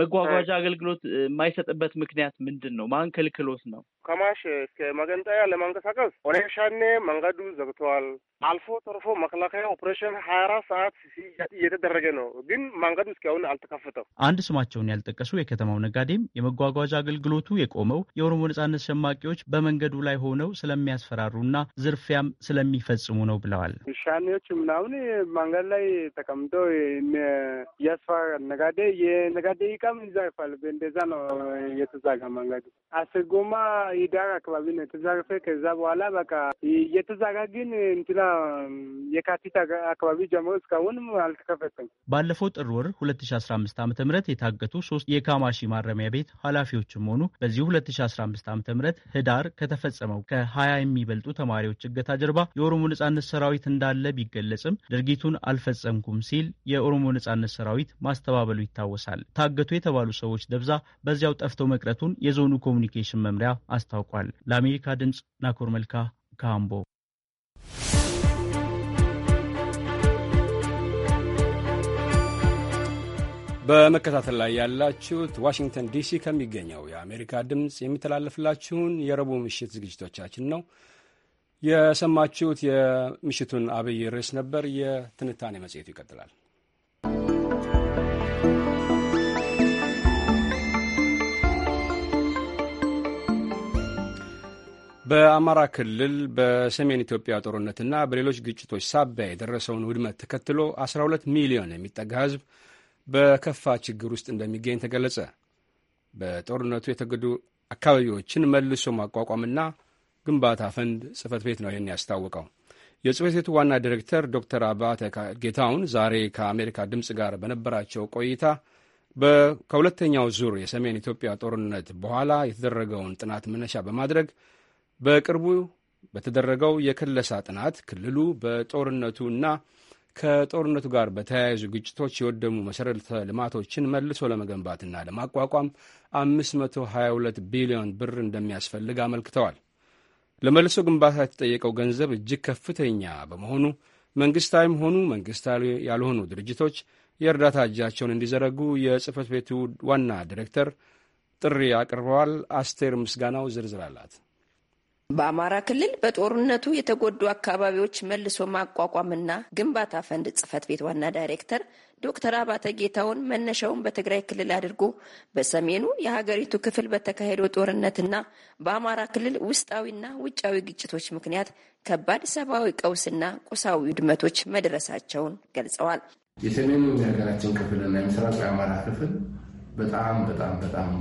መጓጓዣ አገልግሎት የማይሰጥበት ምክንያት ምንድን ነው? ማን ከልክሎት ነው? ከማሽ ከመገንጠያ ለማንቀሳቀስ ኦኔሻኔ መንገዱ ዘግተዋል። አልፎ ተርፎ መከላከያ ኦፕሬሽን ሀያ አራት ሰዓት እየተደረገ ነው፣ ግን መንገዱ እስካሁን አልተከፈተም። አንድ ስማቸውን ያልጠቀሱ የከተማው ነጋዴም የመጓጓዣ አገልግሎቱ የቆመው የኦሮሞ ነጻነት ሸማቂዎች በመንገዱ ላይ ሆነው ስለሚያስፈራሩና ዝርፊያም ስለሚፈጽሙ ነው ብለዋል። ሻኔዎች ምናምን መንገድ ላይ ተቀምጠው እያስፈራራ ነጋዴ የነጋዴ ይቃም ይዛፋል እንደዛ ነው የተዛጋ መንገዱ አስጎማ ዳር አካባቢ ነው የተዘረፈ። ከዛ በኋላ በቃ የተዛጋ ግን እንትና የካቲት አካባቢ ጀምሮ እስካሁን አልተከፈተም። ባለፈው ጥር ወር ሁለት ሺ አስራ አምስት የታገቱ ሶስት የካማሺ ማረሚያ ቤት ኃላፊዎችም ሆኑ በዚሁ ሁለት ሺ አስራ አምስት ህዳር ከተፈጸመው ከሀያ የሚበልጡ ተማሪዎች እገታ ጀርባ የኦሮሞ ነጻነት ሰራዊት እንዳለ ቢገለጽም ድርጊቱን አልፈጸምኩም ሲል የኦሮሞ ነጻነት ሰራዊት ማስተባበሉ ይታወሳል። ታገቱ የተባሉ ሰዎች ደብዛ በዚያው ጠፍተው መቅረቱን የዞኑ ኮሚኒኬሽን መምሪያ አስ አስታውቋል። ለአሜሪካ ድምፅ ናኮር መልካ ከአምቦ። በመከታተል ላይ ያላችሁት ዋሽንግተን ዲሲ ከሚገኘው የአሜሪካ ድምፅ የሚተላለፍላችሁን የረቡዕ ምሽት ዝግጅቶቻችን ነው። የሰማችሁት የምሽቱን አብይ ርዕስ ነበር። የትንታኔ መጽሔቱ ይቀጥላል። በአማራ ክልል በሰሜን ኢትዮጵያ ጦርነትና በሌሎች ግጭቶች ሳቢያ የደረሰውን ውድመት ተከትሎ 12 ሚሊዮን የሚጠጋ ሕዝብ በከፋ ችግር ውስጥ እንደሚገኝ ተገለጸ። በጦርነቱ የተጎዱ አካባቢዎችን መልሶ ማቋቋምና ግንባታ ፈንድ ጽህፈት ቤት ነው ይህን ያስታወቀው። የጽህፈት ቤቱ ዋና ዲሬክተር ዶክተር አባተ ጌታውን ዛሬ ከአሜሪካ ድምፅ ጋር በነበራቸው ቆይታ ከሁለተኛው ዙር የሰሜን ኢትዮጵያ ጦርነት በኋላ የተደረገውን ጥናት መነሻ በማድረግ በቅርቡ በተደረገው የክለሳ ጥናት ክልሉ በጦርነቱ እና ከጦርነቱ ጋር በተያያዙ ግጭቶች የወደሙ መሠረተ ልማቶችን መልሶ ለመገንባትና ለማቋቋም 522 ቢሊዮን ብር እንደሚያስፈልግ አመልክተዋል። ለመልሶ ግንባታ የተጠየቀው ገንዘብ እጅግ ከፍተኛ በመሆኑ መንግሥታዊም ሆኑ መንግሥታዊ ያልሆኑ ድርጅቶች የእርዳታ እጃቸውን እንዲዘረጉ የጽህፈት ቤቱ ዋና ዲሬክተር ጥሪ አቅርበዋል። አስቴር ምስጋናው ዝርዝር አላት። በአማራ ክልል በጦርነቱ የተጎዱ አካባቢዎች መልሶ ማቋቋምና ግንባታ ፈንድ ጽህፈት ቤት ዋና ዳይሬክተር ዶክተር አባተ ጌታውን መነሻውን በትግራይ ክልል አድርጎ በሰሜኑ የሀገሪቱ ክፍል በተካሄደው ጦርነትና በአማራ ክልል ውስጣዊና ውጫዊ ግጭቶች ምክንያት ከባድ ሰብአዊ ቀውስና ቁሳዊ ውድመቶች መድረሳቸውን ገልጸዋል። የሰሜኑ የሀገራችን ክፍልና የምስራቅ የአማራ ክፍል በጣም በጣም በጣም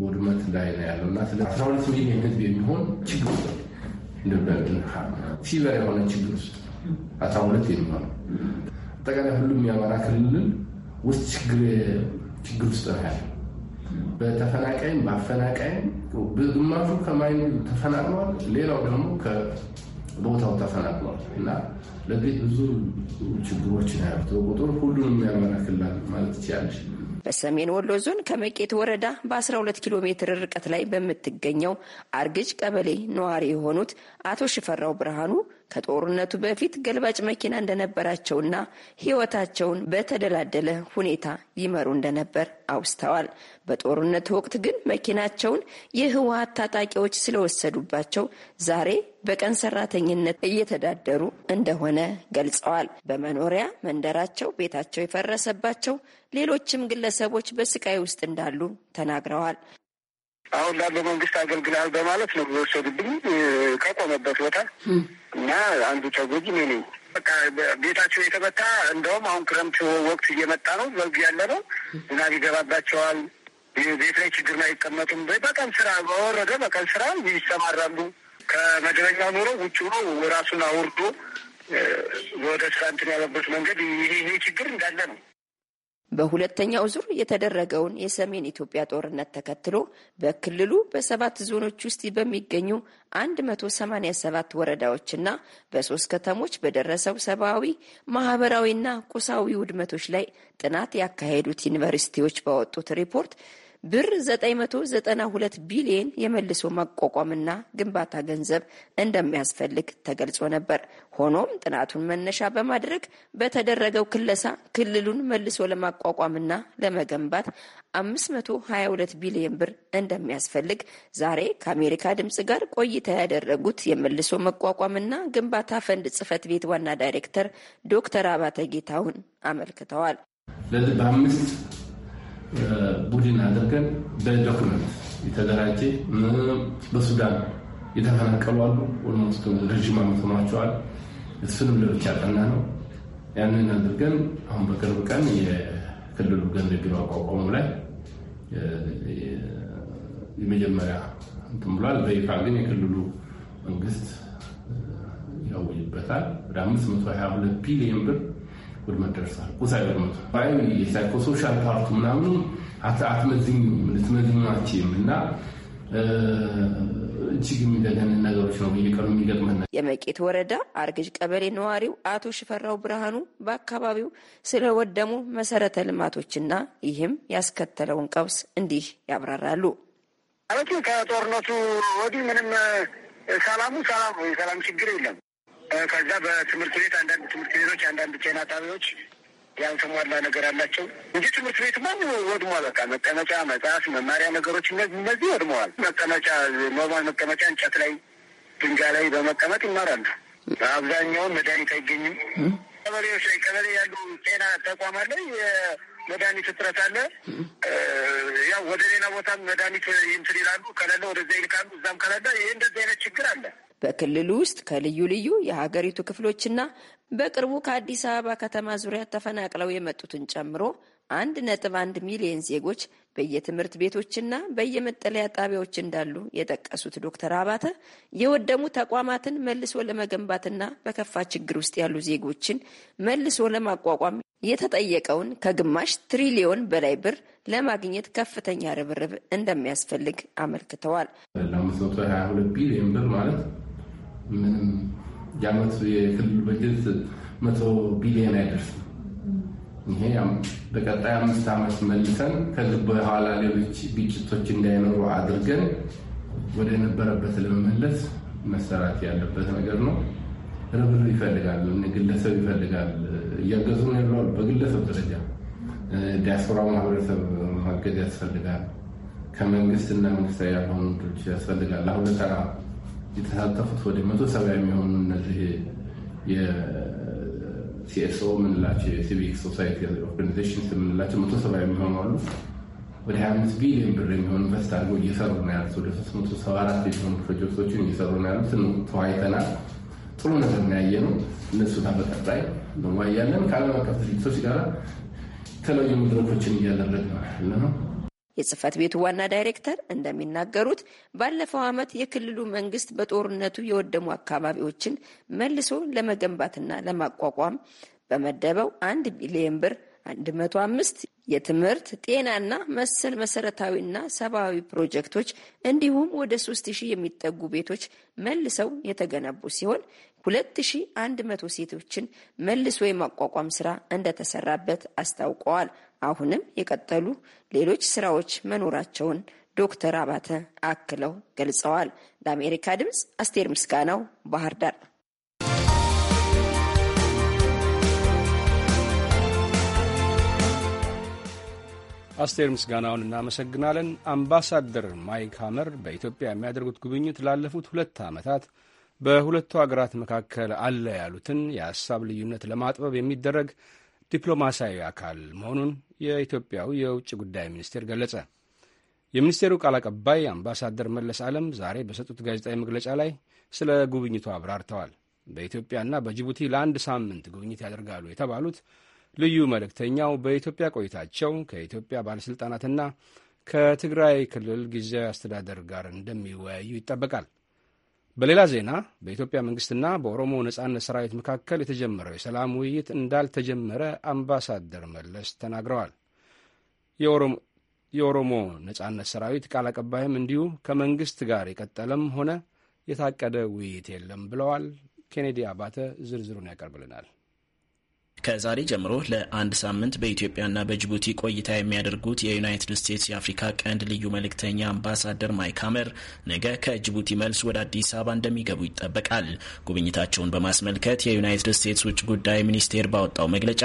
ውድመት ላይ ነው ያለው እና ስለ 12 ሚሊዮን ህዝብ የሚሆን ችግር ውስጥ ሲቨር የሆነ ችግር ውስጥ 12 የሚሆነ አጠቃላይ ሁሉም የአማራ ክልልን ውስጥ ችግር ችግር ውስጥ ነው ያለው። በተፈናቃይም በአፈናቃይም ግማሹ ከማይኑ ተፈናቅሏል፣ ሌላው ደግሞ ከቦታው ተፈናቅሏል እና ለዚህ ብዙ ችግሮች ነው ያሉት። በቁጥር ሁሉንም የአማራ ማለት ይችላል። በሰሜን ወሎ ዞን ከመቄት ወረዳ በ12 ኪሎ ሜትር ርቀት ላይ በምትገኘው አርግጅ ቀበሌ ነዋሪ የሆኑት አቶ ሽፈራው ብርሃኑ ከጦርነቱ በፊት ገልባጭ መኪና እንደነበራቸውና ሕይወታቸውን በተደላደለ ሁኔታ ይመሩ እንደነበር አውስተዋል። በጦርነቱ ወቅት ግን መኪናቸውን የህወሀት ታጣቂዎች ስለወሰዱባቸው ዛሬ በቀን ሰራተኝነት እየተዳደሩ እንደሆነ ገልጸዋል። በመኖሪያ መንደራቸው ቤታቸው የፈረሰባቸው ሌሎችም ግለሰቦች በስቃይ ውስጥ እንዳሉ ተናግረዋል። አሁን ላለው መንግስት አገልግልሃል በማለት ነው የወሰዱብኝ ከቆመበት ቦታ እና አንዱ ተጎጂ እኔ ነኝ። በቃ ቤታቸው የተመታ እንደውም አሁን ክረምት ወቅት እየመጣ ነው፣ በልግ ያለ ነው፣ ዝናብ ይገባባቸዋል። ቤት ላይ ችግር ላይ አይቀመጡም። በቀን ስራ በወረደ በቀን ስራ ይሰማራሉ። ከመደበኛ ኑሮ ውጭ ሆኖ ራሱን አውርዶ ወደ ስራ እንትን ያለበት መንገድ ይሄ ችግር እንዳለ ነው። በሁለተኛው ዙር የተደረገውን የሰሜን ኢትዮጵያ ጦርነት ተከትሎ በክልሉ በሰባት ዞኖች ውስጥ በሚገኙ 187 ወረዳዎችና በሶስት ከተሞች በደረሰው ሰብአዊ፣ ማህበራዊና ቁሳዊ ውድመቶች ላይ ጥናት ያካሄዱት ዩኒቨርሲቲዎች ባወጡት ሪፖርት ብር 992 ቢሊየን የመልሶ ማቋቋምና ግንባታ ገንዘብ እንደሚያስፈልግ ተገልጾ ነበር። ሆኖም ጥናቱን መነሻ በማድረግ በተደረገው ክለሳ ክልሉን መልሶ ለማቋቋምና ለመገንባት 522 ቢሊየን ብር እንደሚያስፈልግ ዛሬ ከአሜሪካ ድምጽ ጋር ቆይታ ያደረጉት የመልሶ መቋቋምና ግንባታ ፈንድ ጽህፈት ቤት ዋና ዳይሬክተር ዶክተር አባተ ጌታሁን አመልክተዋል። ቡድን አድርገን በዶክመንት የተደራጀ በሱዳን የተፈናቀሉ አሉ። ኦልሞስት ረዥም ዓመት ሆኗቸዋል። እሱንም ለብቻ ቀና ነው። ያንን አድርገን አሁን በቅርብ ቀን የክልሉ ገንዘብ ቢሮ አቋቋሙ ላይ የመጀመሪያ እንትን ብሏል። በይፋ ግን የክልሉ መንግስት ያውጅበታል ወደ 522 ቢሊዮን ብር ውድመት ደርሷል። ቁሳዊ ውድመት ባይ የሳይኮሶሻል ፓርቱ ምናምኑ አትመዝኙ ልትመዝኛችም እና እጅግ የሚደገን ነገሮች ነው በየቀኑ የሚገጥመን። የመቄት ወረዳ አርግጅ ቀበሌ ነዋሪው አቶ ሽፈራው ብርሃኑ በአካባቢው ስለወደሙ መሰረተ ልማቶችና ይህም ያስከተለውን ቀውስ እንዲህ ያብራራሉ። ማለት ከጦርነቱ ወዲህ ምንም ሰላሙ ሰላም የሰላም ችግር የለም ከዛ በትምህርት ቤት አንዳንድ ትምህርት ቤቶች አንዳንድ ጤና ጣቢያዎች ያልተሟላ ነገር አላቸው እንጂ ትምህርት ቤት ማ ወድሟል። በቃ መቀመጫ፣ መጽሐፍ፣ መማሪያ ነገሮች እነዚህ ወድመዋል። መቀመጫ ኖርማል መቀመጫ እንጨት ላይ ድንጋይ ላይ በመቀመጥ ይማራሉ። አብዛኛውን መድኃኒት አይገኝም። ቀበሌዎች ላይ ቀበሌ ያሉ ጤና ተቋም አለ መድኃኒት እጥረት አለ። ያው ወደ ሌላ ቦታም መድኃኒት ይንትን ይላሉ። ከሌለ ወደዛ ይልካሉ። እዛም ከሌለ ይህ እንደዚህ አይነት ችግር አለ። በክልሉ ውስጥ ከልዩ ልዩ የሀገሪቱ ክፍሎችና በቅርቡ ከአዲስ አበባ ከተማ ዙሪያ ተፈናቅለው የመጡትን ጨምሮ አንድ ነጥብ አንድ ሚሊየን ዜጎች በየትምህርት ቤቶችና በየመጠለያ ጣቢያዎች እንዳሉ የጠቀሱት ዶክተር አባተ የወደሙ ተቋማትን መልሶ ለመገንባትና በከፋ ችግር ውስጥ ያሉ ዜጎችን መልሶ ለማቋቋም የተጠየቀውን ከግማሽ ትሪሊዮን በላይ ብር ለማግኘት ከፍተኛ ርብርብ እንደሚያስፈልግ አመልክተዋል። ለአምስት መቶ ሀያ ሁለት ቢሊዮን ብር ማለት ምንም የአመቱ የክልል በጀት መቶ ቢሊዮን አይደርስም። ይሄ በቀጣይ አምስት ዓመት መልሰን ከዚህ በኋላ ሌሎች ግጭቶች እንዳይኖሩ አድርገን ወደ ነበረበት ለመመለስ መሰራት ያለበት ነገር ነው። ርብርብ ይፈልጋል፣ ግለሰብ ይፈልጋል። እያገዙ ነው ያለዋል። በግለሰብ ደረጃ ዲያስፖራ ማህበረሰብ ማገዝ ያስፈልጋል። ከመንግስት እና መንግስታዊ ያልሆኑ ድርጅት ያስፈልጋል። አሁን ለተራ የተሳተፉት ወደ መቶ ሰባ የሚሆኑ እነዚህ የሲኤስኦ የምንላቸው የሲቪክ ሶሳይቲ ኦርጋኒዜሽን የምንላቸው መቶ ሰባ የሚሆኑ አሉ። ወደ 25 ቢሊዮን ብር የሚሆን ኢንቨስት አድርገው እየሰሩ ነው ያሉት። ወደ 374 የሚሆኑ ፕሮጀክቶችን እየሰሩ ነው ያሉት። ተወያይተናል። ጥሩ ነገር ነው ያየ ነው። እነሱ በቀጣይ እንዋያለን። ከዓለም አቀፍ ድርጅቶች ጋር የተለያዩ መድረኮችን ያለ ነው። የጽህፈት ቤቱ ዋና ዳይሬክተር እንደሚናገሩት ባለፈው ዓመት የክልሉ መንግስት በጦርነቱ የወደሙ አካባቢዎችን መልሶ ለመገንባትና ለማቋቋም በመደበው አንድ ቢሊዮን ብር 105 የትምህርት ጤናና መሰል መሰረታዊና ሰብአዊ ፕሮጀክቶች እንዲሁም ወደ 3000 የሚጠጉ ቤቶች መልሰው የተገነቡ ሲሆን ሁለት ሺ አንድ መቶ ሴቶችን መልሶ የማቋቋም ስራ እንደተሰራበት አስታውቀዋል። አሁንም የቀጠሉ ሌሎች ስራዎች መኖራቸውን ዶክተር አባተ አክለው ገልጸዋል። ለአሜሪካ ድምፅ አስቴር ምስጋናው ባህር ዳር። አስቴር ምስጋናውን እናመሰግናለን። አምባሳደር ማይክ ሀመር በኢትዮጵያ የሚያደርጉት ጉብኝት ላለፉት ሁለት ዓመታት በሁለቱ አገራት መካከል አለ ያሉትን የሀሳብ ልዩነት ለማጥበብ የሚደረግ ዲፕሎማሲያዊ አካል መሆኑን የኢትዮጵያው የውጭ ጉዳይ ሚኒስቴር ገለጸ። የሚኒስቴሩ ቃል አቀባይ አምባሳደር መለስ ዓለም ዛሬ በሰጡት ጋዜጣዊ መግለጫ ላይ ስለ ጉብኝቱ አብራርተዋል። በኢትዮጵያና በጅቡቲ ለአንድ ሳምንት ጉብኝት ያደርጋሉ የተባሉት ልዩ መልእክተኛው በኢትዮጵያ ቆይታቸው ከኢትዮጵያ ባለሥልጣናትና ከትግራይ ክልል ጊዜያዊ አስተዳደር ጋር እንደሚወያዩ ይጠበቃል። በሌላ ዜና በኢትዮጵያ መንግስትና በኦሮሞ ነጻነት ሰራዊት መካከል የተጀመረው የሰላም ውይይት እንዳልተጀመረ አምባሳደር መለስ ተናግረዋል። የኦሮሞ ነጻነት ሰራዊት ቃል አቀባይም እንዲሁ ከመንግስት ጋር የቀጠለም ሆነ የታቀደ ውይይት የለም ብለዋል። ኬኔዲ አባተ ዝርዝሩን ያቀርብልናል። ከዛሬ ጀምሮ ለአንድ ሳምንት በኢትዮጵያና በጅቡቲ ቆይታ የሚያደርጉት የዩናይትድ ስቴትስ የአፍሪካ ቀንድ ልዩ መልእክተኛ አምባሳደር ማይክ ሀመር ነገ ከጅቡቲ መልስ ወደ አዲስ አበባ እንደሚገቡ ይጠበቃል። ጉብኝታቸውን በማስመልከት የዩናይትድ ስቴትስ ውጭ ጉዳይ ሚኒስቴር ባወጣው መግለጫ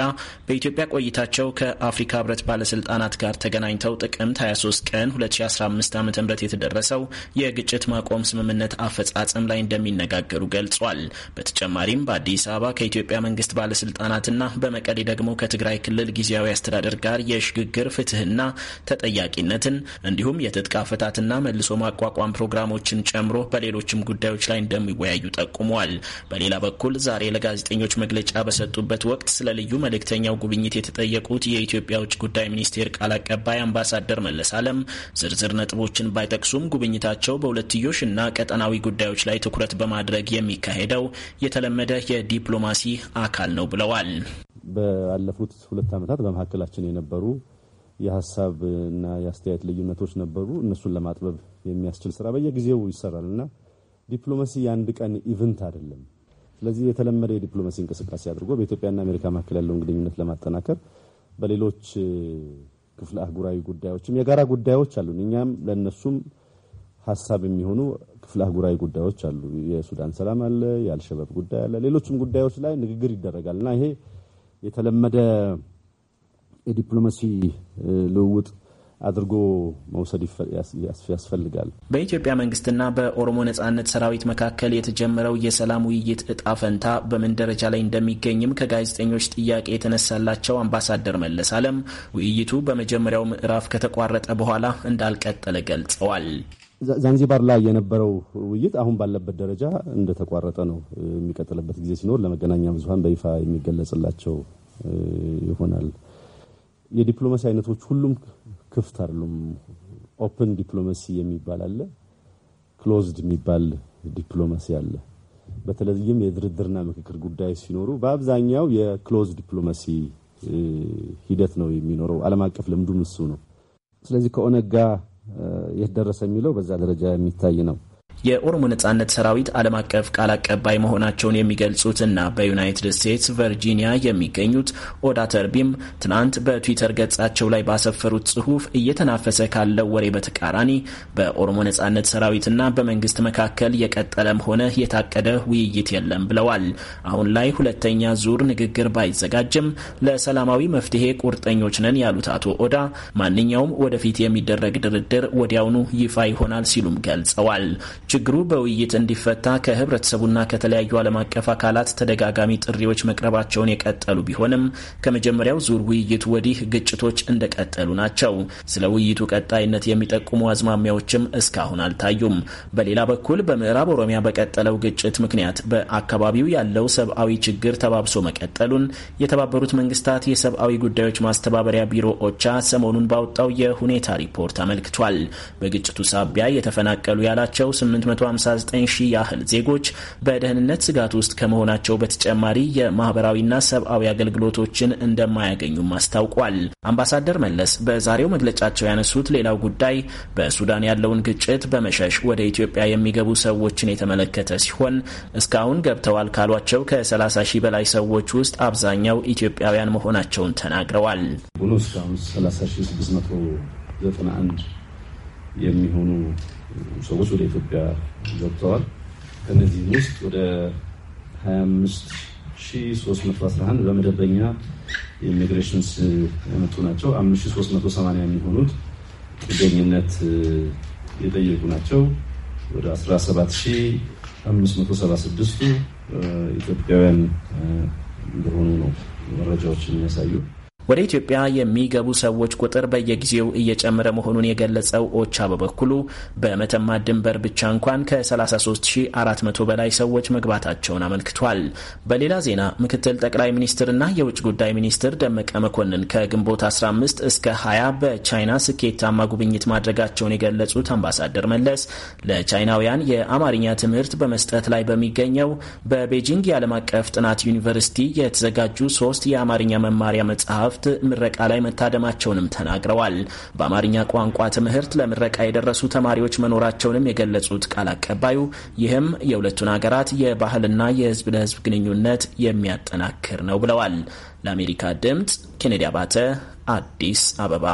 በኢትዮጵያ ቆይታቸው ከአፍሪካ ህብረት ባለስልጣናት ጋር ተገናኝተው ጥቅምት 23 ቀን 2015 ዓ ም የተደረሰው የግጭት ማቆም ስምምነት አፈጻጸም ላይ እንደሚነጋገሩ ገልጿል። በተጨማሪም በአዲስ አበባ ከኢትዮጵያ መንግስት ባለስልጣናትና በመቀሌ ደግሞ ከትግራይ ክልል ጊዜያዊ አስተዳደር ጋር የሽግግር ፍትህና ተጠያቂነትን እንዲሁም የትጥቅ ፈታትና መልሶ ማቋቋም ፕሮግራሞችን ጨምሮ በሌሎችም ጉዳዮች ላይ እንደሚወያዩ ጠቁመዋል። በሌላ በኩል ዛሬ ለጋዜጠኞች መግለጫ በሰጡበት ወቅት ስለ ልዩ መልእክተኛው ጉብኝት የተጠየቁት የኢትዮጵያ ውጭ ጉዳይ ሚኒስቴር ቃል አቀባይ አምባሳደር መለስ አለም ዝርዝር ነጥቦችን ባይጠቅሱም ጉብኝታቸው በሁለትዮሽ እና ቀጠናዊ ጉዳዮች ላይ ትኩረት በማድረግ የሚካሄደው የተለመደ የዲፕሎማሲ አካል ነው ብለዋል። ባለፉት ሁለት ዓመታት በመካከላችን የነበሩ የሀሳብና የአስተያየት ልዩነቶች ነበሩ። እነሱን ለማጥበብ የሚያስችል ስራ በየጊዜው ይሰራል እና ዲፕሎማሲ የአንድ ቀን ኢቨንት አይደለም። ስለዚህ የተለመደ የዲፕሎማሲ እንቅስቃሴ አድርጎ በኢትዮጵያና አሜሪካ መካከል ያለውን ግንኙነት ለማጠናከር በሌሎች ክፍለ አህጉራዊ ጉዳዮችም የጋራ ጉዳዮች አሉን። እኛም ለእነሱም ሀሳብ የሚሆኑ ክፍለ አህጉራዊ ጉዳዮች አሉ። የሱዳን ሰላም አለ፣ የአልሸባብ ጉዳይ አለ፣ ሌሎችም ጉዳዮች ላይ ንግግር ይደረጋል እና ይሄ የተለመደ የዲፕሎማሲ ልውውጥ አድርጎ መውሰድ ያስፈልጋል። በኢትዮጵያ መንግስትና በኦሮሞ ነጻነት ሰራዊት መካከል የተጀመረው የሰላም ውይይት እጣ ፈንታ በምን ደረጃ ላይ እንደሚገኝም ከጋዜጠኞች ጥያቄ የተነሳላቸው አምባሳደር መለስ አለም ውይይቱ በመጀመሪያው ምዕራፍ ከተቋረጠ በኋላ እንዳልቀጠለ ገልጸዋል። ዛንዚባር ላይ የነበረው ውይይት አሁን ባለበት ደረጃ እንደተቋረጠ ነው። የሚቀጥልበት ጊዜ ሲኖር ለመገናኛ ብዙኃን በይፋ የሚገለጽላቸው ይሆናል። የዲፕሎማሲ አይነቶች ሁሉም ክፍት አይደሉም። ኦፕን ዲፕሎማሲ የሚባል አለ፣ ክሎዝድ የሚባል ዲፕሎማሲ አለ። በተለይም የድርድርና ምክክር ጉዳይ ሲኖሩ በአብዛኛው የክሎዝ ዲፕሎማሲ ሂደት ነው የሚኖረው። ዓለም አቀፍ ልምዱም እሱ ነው። ስለዚህ ከኦነግ ጋር የት ደረሰ የሚለው በዛ ደረጃ የሚታይ ነው። የኦሮሞ ነጻነት ሰራዊት ዓለም አቀፍ ቃል አቀባይ መሆናቸውን የሚገልጹትና በዩናይትድ ስቴትስ ቨርጂኒያ የሚገኙት ኦዳ ተርቢም ትናንት በትዊተር ገጻቸው ላይ ባሰፈሩት ጽሁፍ እየተናፈሰ ካለው ወሬ በተቃራኒ በኦሮሞ ነጻነት ሰራዊትና በመንግስት መካከል የቀጠለም ሆነ የታቀደ ውይይት የለም ብለዋል። አሁን ላይ ሁለተኛ ዙር ንግግር ባይዘጋጅም ለሰላማዊ መፍትሄ ቁርጠኞች ነን ያሉት አቶ ኦዳ ማንኛውም ወደፊት የሚደረግ ድርድር ወዲያውኑ ይፋ ይሆናል ሲሉም ገልጸዋል። ችግሩ በውይይት እንዲፈታ ከህብረተሰቡና ከተለያዩ ዓለም አቀፍ አካላት ተደጋጋሚ ጥሪዎች መቅረባቸውን የቀጠሉ ቢሆንም ከመጀመሪያው ዙር ውይይት ወዲህ ግጭቶች እንደቀጠሉ ናቸው። ስለ ውይይቱ ቀጣይነት የሚጠቁሙ አዝማሚያዎችም እስካሁን አልታዩም። በሌላ በኩል በምዕራብ ኦሮሚያ በቀጠለው ግጭት ምክንያት በአካባቢው ያለው ሰብአዊ ችግር ተባብሶ መቀጠሉን የተባበሩት መንግስታት የሰብአዊ ጉዳዮች ማስተባበሪያ ቢሮ ኦቻ ሰሞኑን ባወጣው የሁኔታ ሪፖርት አመልክቷል። በግጭቱ ሳቢያ የተፈናቀሉ ያላቸው 859 ሺህ ያህል ዜጎች በደህንነት ስጋት ውስጥ ከመሆናቸው በተጨማሪ የማህበራዊና ሰብአዊ አገልግሎቶችን እንደማያገኙም አስታውቋል። አምባሳደር መለስ በዛሬው መግለጫቸው ያነሱት ሌላው ጉዳይ በሱዳን ያለውን ግጭት በመሸሽ ወደ ኢትዮጵያ የሚገቡ ሰዎችን የተመለከተ ሲሆን እስካሁን ገብተዋል ካሏቸው ከ30 ሺህ በላይ ሰዎች ውስጥ አብዛኛው ኢትዮጵያውያን መሆናቸውን ተናግረዋል። ብሎ እስካሁን 3691 የሚሆኑ ሰዎች ወደ ኢትዮጵያ ገብተዋል። ከእነዚህም ውስጥ ወደ 25311 በመደበኛ ኢሚግሬሽንስ የመጡ ናቸው። 5380 የሚሆኑት ጥገኝነት የጠየቁ ናቸው። ወደ 17576ቱ ኢትዮጵያውያን እንደሆኑ ነው መረጃዎች የሚያሳዩ። ወደ ኢትዮጵያ የሚገቡ ሰዎች ቁጥር በየጊዜው እየጨመረ መሆኑን የገለጸው ኦቻ በበኩሉ በመተማ ድንበር ብቻ እንኳን ከ33400 በላይ ሰዎች መግባታቸውን አመልክቷል። በሌላ ዜና ምክትል ጠቅላይ ሚኒስትርና የውጭ ጉዳይ ሚኒስትር ደመቀ መኮንን ከግንቦት 15 እስከ 20 በቻይና ስኬታማ ጉብኝት ማድረጋቸውን የገለጹት አምባሳደር መለስ ለቻይናውያን የአማርኛ ትምህርት በመስጠት ላይ በሚገኘው በቤጂንግ የዓለም አቀፍ ጥናት ዩኒቨርሲቲ የተዘጋጁ ሶስት የአማርኛ መማሪያ መጽሐፍ መጻሕፍት ምረቃ ላይ መታደማቸውንም ተናግረዋል። በአማርኛ ቋንቋ ትምህርት ለምረቃ የደረሱ ተማሪዎች መኖራቸውንም የገለጹት ቃል አቀባዩ ይህም የሁለቱን ሀገራት የባህልና የህዝብ ለህዝብ ግንኙነት የሚያጠናክር ነው ብለዋል። ለአሜሪካ ድምፅ ኬኔዲ አባተ አዲስ አበባ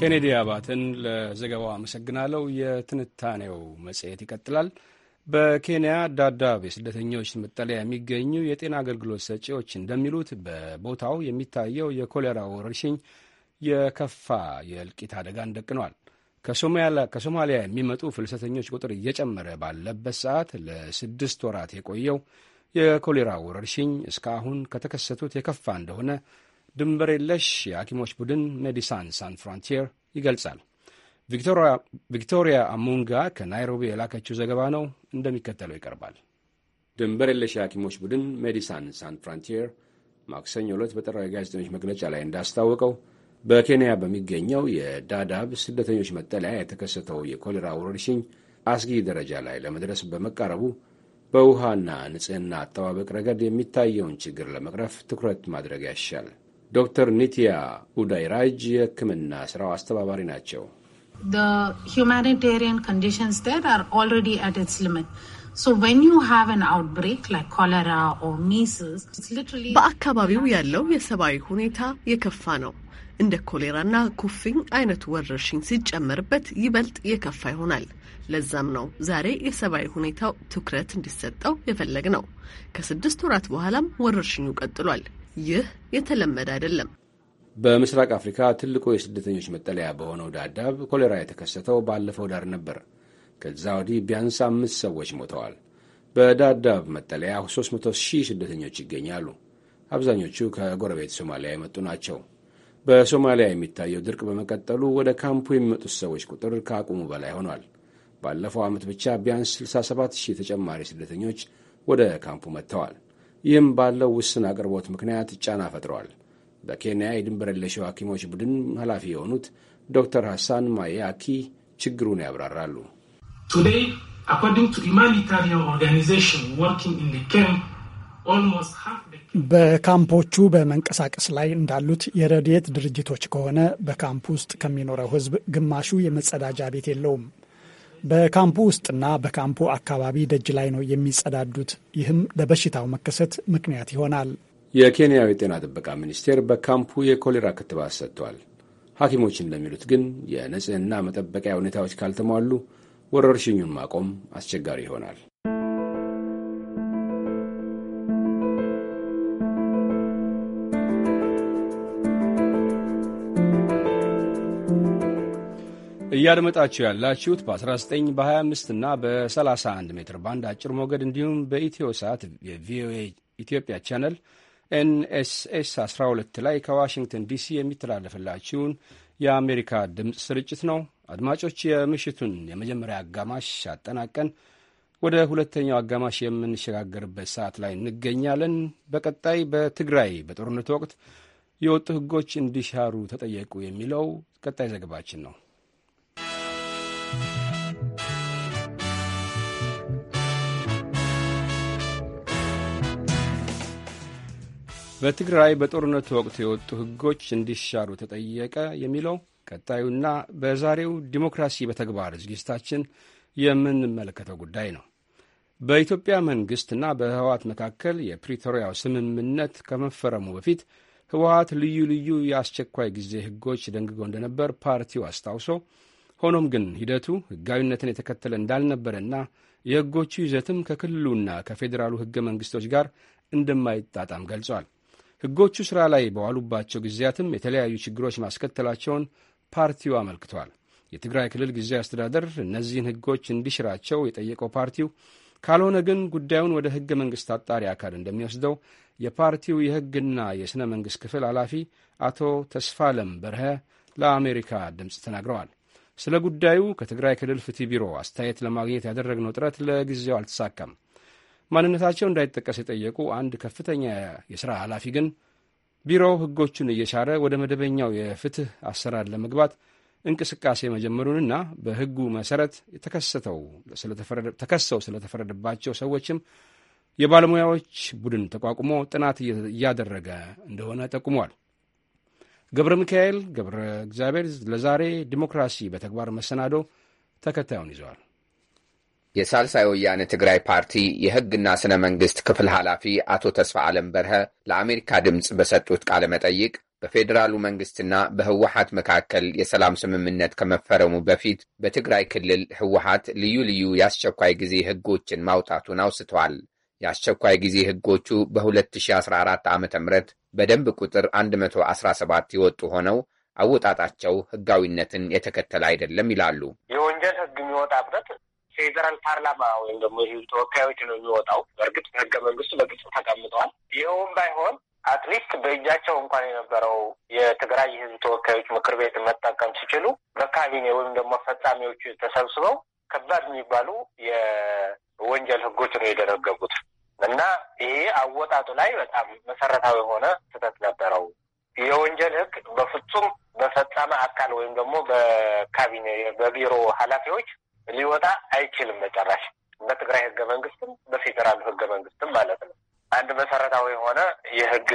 ኬኔዲ አባትን ለዘገባው አመሰግናለሁ። የትንታኔው መጽሔት ይቀጥላል። በኬንያ ዳዳብ የስደተኞች መጠለያ የሚገኙ የጤና አገልግሎት ሰጪዎች እንደሚሉት በቦታው የሚታየው የኮሌራ ወረርሽኝ የከፋ የእልቂት አደጋን ደቅኗል። ከሶማሊያ የሚመጡ ፍልሰተኞች ቁጥር እየጨመረ ባለበት ሰዓት ለስድስት ወራት የቆየው የኮሌራ ወረርሽኝ እስካሁን ከተከሰቱት የከፋ እንደሆነ ድንበር የለሽ የሐኪሞች ቡድን ሜዲሳን ሳን ፍራንቲር ይገልጻል። ቪክቶሪያ አሙንጋ ከናይሮቢ የላከችው ዘገባ ነው፣ እንደሚከተለው ይቀርባል። ድንበር የለሽ የሐኪሞች ቡድን ሜዲሳን ሳን ፍራንቲር ማክሰኞ ዕለት በጠራው የጋዜጠኞች መግለጫ ላይ እንዳስታወቀው በኬንያ በሚገኘው የዳዳብ ስደተኞች መጠለያ የተከሰተው የኮሌራ ወረርሽኝ አስጊ ደረጃ ላይ ለመድረስ በመቃረቡ በውሃና ንጽህና አጠባበቅ ረገድ የሚታየውን ችግር ለመቅረፍ ትኩረት ማድረግ ያሻል። ዶክተር ኒቲያ ኡዳይራጅ የህክምና ስራው አስተባባሪ ናቸው። በአካባቢው ያለው የሰብአዊ ሁኔታ የከፋ ነው። እንደ ኮሌራና ኩፍኝ አይነቱ ወረርሽኝ ሲጨመርበት ይበልጥ የከፋ ይሆናል። ለዛም ነው ዛሬ የሰብአዊ ሁኔታው ትኩረት እንዲሰጠው የፈለግ ነው። ከስድስት ወራት በኋላም ወረርሽኙ ቀጥሏል። ይህ የተለመደ አይደለም። በምስራቅ አፍሪካ ትልቁ የስደተኞች መጠለያ በሆነው ዳዳብ ኮሌራ የተከሰተው ባለፈው ዳር ነበር። ከዛ ወዲህ ቢያንስ አምስት ሰዎች ሞተዋል። በዳዳብ መጠለያ 300 ሺህ ስደተኞች ይገኛሉ። አብዛኞቹ ከጎረቤት ሶማሊያ የመጡ ናቸው። በሶማሊያ የሚታየው ድርቅ በመቀጠሉ ወደ ካምፑ የሚመጡት ሰዎች ቁጥር ከአቁሙ በላይ ሆኗል። ባለፈው ዓመት ብቻ ቢያንስ 67 ሺህ ተጨማሪ ስደተኞች ወደ ካምፑ መጥተዋል። ይህም ባለው ውስን አቅርቦት ምክንያት ጫና ፈጥረዋል። በኬንያ የድንበር የለሽው ሐኪሞች ቡድን ኃላፊ የሆኑት ዶክተር ሐሳን ማያኪ ችግሩን ያብራራሉ። በካምፖቹ በመንቀሳቀስ ላይ እንዳሉት የረድኤት ድርጅቶች ከሆነ በካምፕ ውስጥ ከሚኖረው ሕዝብ ግማሹ የመጸዳጃ ቤት የለውም። በካምፑ ውስጥና በካምፑ አካባቢ ደጅ ላይ ነው የሚጸዳዱት። ይህም ለበሽታው መከሰት ምክንያት ይሆናል። የኬንያው የጤና ጥበቃ ሚኒስቴር በካምፑ የኮሌራ ክትባት ሰጥቷል። ሐኪሞች እንደሚሉት ግን የንጽህና መጠበቂያ ሁኔታዎች ካልተሟሉ ወረርሽኙን ማቆም አስቸጋሪ ይሆናል። እያደመጣችሁ ያላችሁት በ19 በ25 እና በ31 ሜትር ባንድ አጭር ሞገድ እንዲሁም በኢትዮ ሰዓት የቪኦኤ ኢትዮጵያ ቻነል ኤንኤስኤስ 12 ላይ ከዋሽንግተን ዲሲ የሚተላለፍላችሁን የአሜሪካ ድምፅ ስርጭት ነው። አድማጮች የምሽቱን የመጀመሪያ አጋማሽ አጠናቀን ወደ ሁለተኛው አጋማሽ የምንሸጋገርበት ሰዓት ላይ እንገኛለን። በቀጣይ በትግራይ በጦርነት ወቅት የወጡ ሕጎች እንዲሻሩ ተጠየቁ የሚለው ቀጣይ ዘገባችን ነው። በትግራይ በጦርነቱ ወቅት የወጡ ሕጎች እንዲሻሩ ተጠየቀ የሚለው ቀጣዩና በዛሬው ዲሞክራሲ በተግባር ዝግጅታችን የምንመለከተው ጉዳይ ነው። በኢትዮጵያ መንግሥትና በህወሓት መካከል የፕሪቶሪያው ስምምነት ከመፈረሙ በፊት ህወሓት ልዩ ልዩ የአስቸኳይ ጊዜ ሕጎች ደንግጎ እንደነበር ፓርቲው አስታውሶ ሆኖም ግን ሂደቱ ሕጋዊነትን የተከተለ እንዳልነበረና የሕጎቹ ይዘትም ከክልሉና ከፌዴራሉ ሕገ መንግሥቶች ጋር እንደማይጣጣም ገልጿል። ሕጎቹ ሥራ ላይ በዋሉባቸው ጊዜያትም የተለያዩ ችግሮች ማስከተላቸውን ፓርቲው አመልክቷል። የትግራይ ክልል ጊዜያዊ አስተዳደር እነዚህን ሕጎች እንዲሽራቸው የጠየቀው ፓርቲው ካልሆነ ግን ጉዳዩን ወደ ሕገ መንግሥት አጣሪ አካል እንደሚወስደው የፓርቲው የሕግና የሥነ መንግሥት ክፍል ኃላፊ አቶ ተስፋለም በርሀ ለአሜሪካ ድምፅ ተናግረዋል። ስለ ጉዳዩ ከትግራይ ክልል ፍትህ ቢሮ አስተያየት ለማግኘት ያደረግነው ጥረት ለጊዜው አልተሳካም። ማንነታቸው እንዳይጠቀስ የጠየቁ አንድ ከፍተኛ የሥራ ኃላፊ ግን ቢሮው ሕጎቹን እየሻረ ወደ መደበኛው የፍትህ አሰራር ለመግባት እንቅስቃሴ መጀመሩንና በሕጉ መሠረት ተከሰው ስለተፈረደባቸው ሰዎችም የባለሙያዎች ቡድን ተቋቁሞ ጥናት እያደረገ እንደሆነ ጠቁሟል። ገብረ ሚካኤል ገብረ እግዚአብሔር ለዛሬ ዲሞክራሲ በተግባር መሰናዶ ተከታዩን ይዘዋል። የሳልሳይ ወያነ ትግራይ ፓርቲ የሕግና ስነ መንግስት ክፍል ኃላፊ አቶ ተስፋ ዓለም በርሀ ለአሜሪካ ድምፅ በሰጡት ቃለ መጠይቅ በፌዴራሉ መንግስትና በህወሓት መካከል የሰላም ስምምነት ከመፈረሙ በፊት በትግራይ ክልል ህወሓት ልዩ ልዩ የአስቸኳይ ጊዜ ሕጎችን ማውጣቱን አውስተዋል። የአስቸኳይ ጊዜ ሕጎቹ በ2014 ዓ ም በደንብ ቁጥር 117 የወጡ ሆነው አወጣጣቸው ሕጋዊነትን የተከተለ አይደለም ይላሉ። የወንጀል ሕግ የሚወጣበት ፌዴራል ፓርላማ ወይም ደግሞ የህዝብ ተወካዮች ነው የሚወጣው። በእርግጥ በህገ መንግስቱ በግልጽ ተቀምጠዋል። ይኸውም ባይሆን አትሊስት በእጃቸው እንኳን የነበረው የትግራይ የህዝብ ተወካዮች ምክር ቤት መጠቀም ሲችሉ በካቢኔ ወይም ደግሞ ፈጻሚዎቹ ተሰብስበው ከባድ የሚባሉ የወንጀል ህጎች ነው የደነገጉት እና ይሄ አወጣጡ ላይ በጣም መሰረታዊ የሆነ ስህተት ነበረው። የወንጀል ህግ በፍጹም በፈጻመ አካል ወይም ደግሞ በካቢኔ በቢሮ ኃላፊዎች ሊወጣ አይችልም በጭራሽ። በትግራይ ህገ መንግስትም በፌዴራል ህገ መንግስትም ማለት ነው። አንድ መሰረታዊ የሆነ የህግ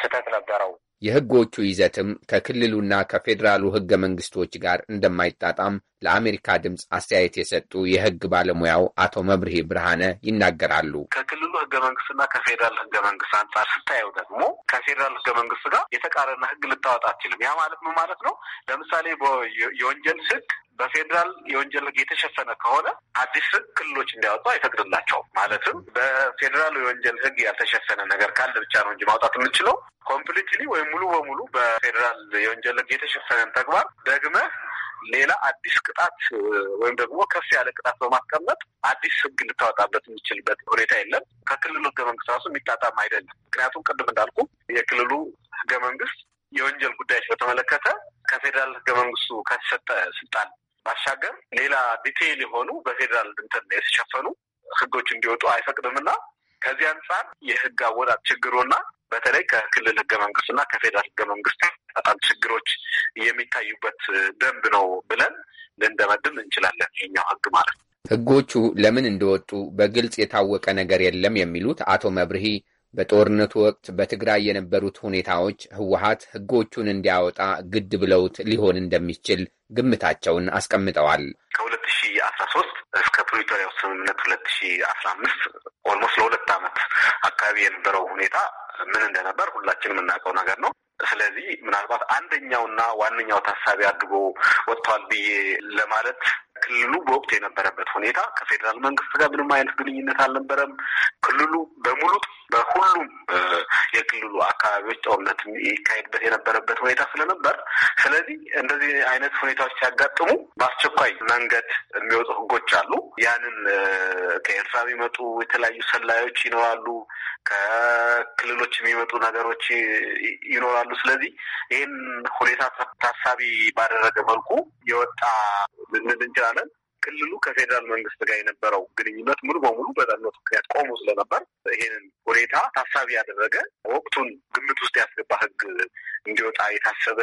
ስህተት ነበረው። የህጎቹ ይዘትም ከክልሉና ከፌዴራሉ ህገ መንግስቶች ጋር እንደማይጣጣም ለአሜሪካ ድምፅ አስተያየት የሰጡ የህግ ባለሙያው አቶ መብርሄ ብርሃነ ይናገራሉ። ከክልሉ ህገ መንግስትና ከፌዴራል ህገ መንግስት አንጻር ስታየው ደግሞ ከፌዴራል ህገ መንግስት ጋር የተቃረነ ህግ ልታወጣ አትችልም። ያ ማለት ምን ማለት ነው? ለምሳሌ የወንጀል ሕግ በፌዴራል የወንጀል ህግ የተሸፈነ ከሆነ አዲስ ህግ ክልሎች እንዲያወጡ አይፈቅድላቸውም። ማለትም በፌዴራሉ የወንጀል ህግ ያልተሸፈነ ነገር ካለ ብቻ ነው እንጂ ማውጣት የምንችለው። ኮምፕሊትሊ ወይም ሙሉ በሙሉ በፌዴራል የወንጀል ህግ የተሸፈነን ተግባር ደግመ ሌላ አዲስ ቅጣት ወይም ደግሞ ከፍ ያለ ቅጣት በማስቀመጥ አዲስ ህግ ልታወጣበት የሚችልበት ሁኔታ የለም። ከክልሉ ህገ መንግስት ራሱ የሚጣጣም አይደለም። ምክንያቱም ቅድም እንዳልኩ የክልሉ ህገ መንግስት የወንጀል ጉዳዮች በተመለከተ ከፌዴራል ህገ መንግስቱ ከተሰጠ ስልጣን ባሻገር ሌላ ዲቴይል የሆኑ በፌዴራል እንትን የተሸፈኑ ህጎች እንዲወጡ አይፈቅድምና ከዚህ አንጻር የህግ አወጣት ችግሩና በተለይ ከክልል ህገ መንግስትና ከፌዴራል ህገ መንግስት በጣም ችግሮች የሚታዩበት ደንብ ነው ብለን ልንደመድም እንችላለን። ይህኛው ህግ ማለት ነው። ህጎቹ ለምን እንደወጡ በግልጽ የታወቀ ነገር የለም የሚሉት አቶ መብርሂ በጦርነቱ ወቅት በትግራይ የነበሩት ሁኔታዎች ህወሀት ህጎቹን እንዲያወጣ ግድ ብለውት ሊሆን እንደሚችል ግምታቸውን አስቀምጠዋል። ከሁለት ሺ አስራ ሶስት እስከ ፕሪቶሪያው ስምምነት ሁለት ሺ አስራ አምስት ኦልሞስት ለሁለት ዓመት አካባቢ የነበረው ሁኔታ ምን እንደነበር ሁላችንም የምናውቀው ነገር ነው። ስለዚህ ምናልባት አንደኛውና ዋነኛው ታሳቢ አድርጎ ወጥተዋል ብዬ ለማለት ክልሉ በወቅቱ የነበረበት ሁኔታ ከፌዴራል መንግስት ጋር ምንም አይነት ግንኙነት አልነበረም። ክልሉ በሙሉ በሁሉም የክልሉ አካባቢዎች ጦርነት ይካሄድበት የነበረበት ሁኔታ ስለነበር፣ ስለዚህ እንደዚህ አይነት ሁኔታዎች ሲያጋጥሙ በአስቸኳይ መንገድ የሚወጡ ህጎች አሉ። ያንን ከኤርትራ የሚመጡ የተለያዩ ሰላዮች ይኖራሉ፣ ከክልሎች የሚመጡ ነገሮች ይኖራሉ። ስለዚህ ይህን ሁኔታ ታሳቢ ባደረገ መልኩ የወጣ ልንል ክልሉ ከፌዴራል መንግስት ጋር የነበረው ግንኙነት ሙሉ በሙሉ በጠነቱ ምክንያት ቆሞ ስለነበር ይሄንን ሁኔታ ታሳቢ ያደረገ ወቅቱን ግምት ውስጥ ያስገባ ህግ እንዲወጣ የታሰበ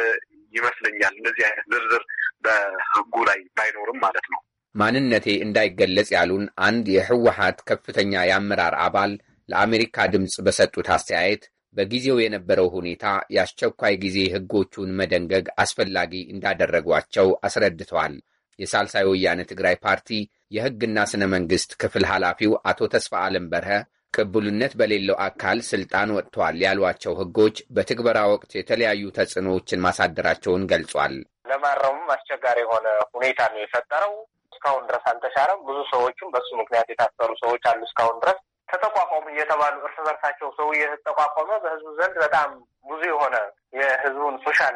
ይመስለኛል። እንደዚህ አይነት ዝርዝር በህጉ ላይ ባይኖርም ማለት ነው። ማንነቴ እንዳይገለጽ ያሉን አንድ የህወሀት ከፍተኛ የአመራር አባል ለአሜሪካ ድምፅ በሰጡት አስተያየት በጊዜው የነበረው ሁኔታ የአስቸኳይ ጊዜ ህጎቹን መደንገግ አስፈላጊ እንዳደረጓቸው አስረድተዋል። የሳልሳይ ወያነ ትግራይ ፓርቲ የሕግና ስነ መንግስት ክፍል ኃላፊው አቶ ተስፋ አለም በርሀ ቅቡልነት በሌለው አካል ስልጣን ወጥተዋል ያሏቸው ሕጎች በትግበራ ወቅት የተለያዩ ተጽዕኖዎችን ማሳደራቸውን ገልጿል። ለማረሙም አስቸጋሪ የሆነ ሁኔታ ነው የፈጠረው። እስካሁን ድረስ አልተሻረም። ብዙ ሰዎችም በሱ ምክንያት የታሰሩ ሰዎች አሉ እስካሁን ድረስ ተጠቋቋሙ እየተባሉ እርስ በርሳቸው ሰው እየተጠቋቋመ በህዝቡ ዘንድ በጣም ብዙ የሆነ የህዝቡን ሶሻል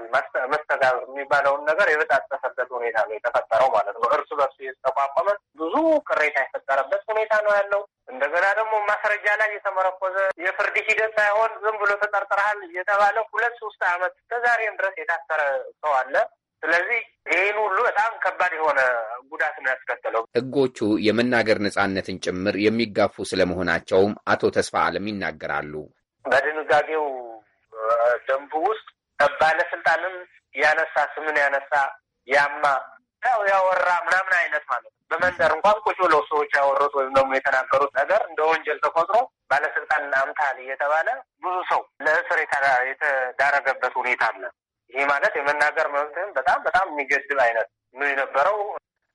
መስተጋብር የሚባለውን ነገር የበጣጠሰበት ሁኔታ ነው የተፈጠረው ማለት ነው። እርስ በርሱ የተጠቋቋመ ብዙ ቅሬታ የፈጠረበት ሁኔታ ነው ያለው። እንደገና ደግሞ ማስረጃ ላይ የተመረኮዘ የፍርድ ሂደት ሳይሆን ዝም ብሎ ተጠርጥረሃል እየተባለ ሁለት ሶስት ዓመት እስከ ዛሬም ድረስ የታሰረ ሰው አለ። ስለዚህ ይህን ሁሉ በጣም ከባድ የሆነ ጉዳት ነው ያስከተለው። ህጎቹ የመናገር ነጻነትን ጭምር የሚጋፉ ስለመሆናቸውም አቶ ተስፋ አለም ይናገራሉ። በድንጋጌው ደንቡ ውስጥ ባለስልጣንም ያነሳ ስምን ያነሳ ያማ ያው ያወራ ምናምን አይነት ማለት ነው። በመንደር እንኳን ቁጭ ብለው ሰዎች ያወሩት ወይም ደግሞ የተናገሩት ነገር እንደ ወንጀል ተቆጥሮ ባለስልጣን አምታል እየተባለ ብዙ ሰው ለእስር የተዳረገበት ሁኔታ አለ። ይህ ማለት የመናገር መብትህን በጣም በጣም የሚገድብ አይነት ነው የነበረው።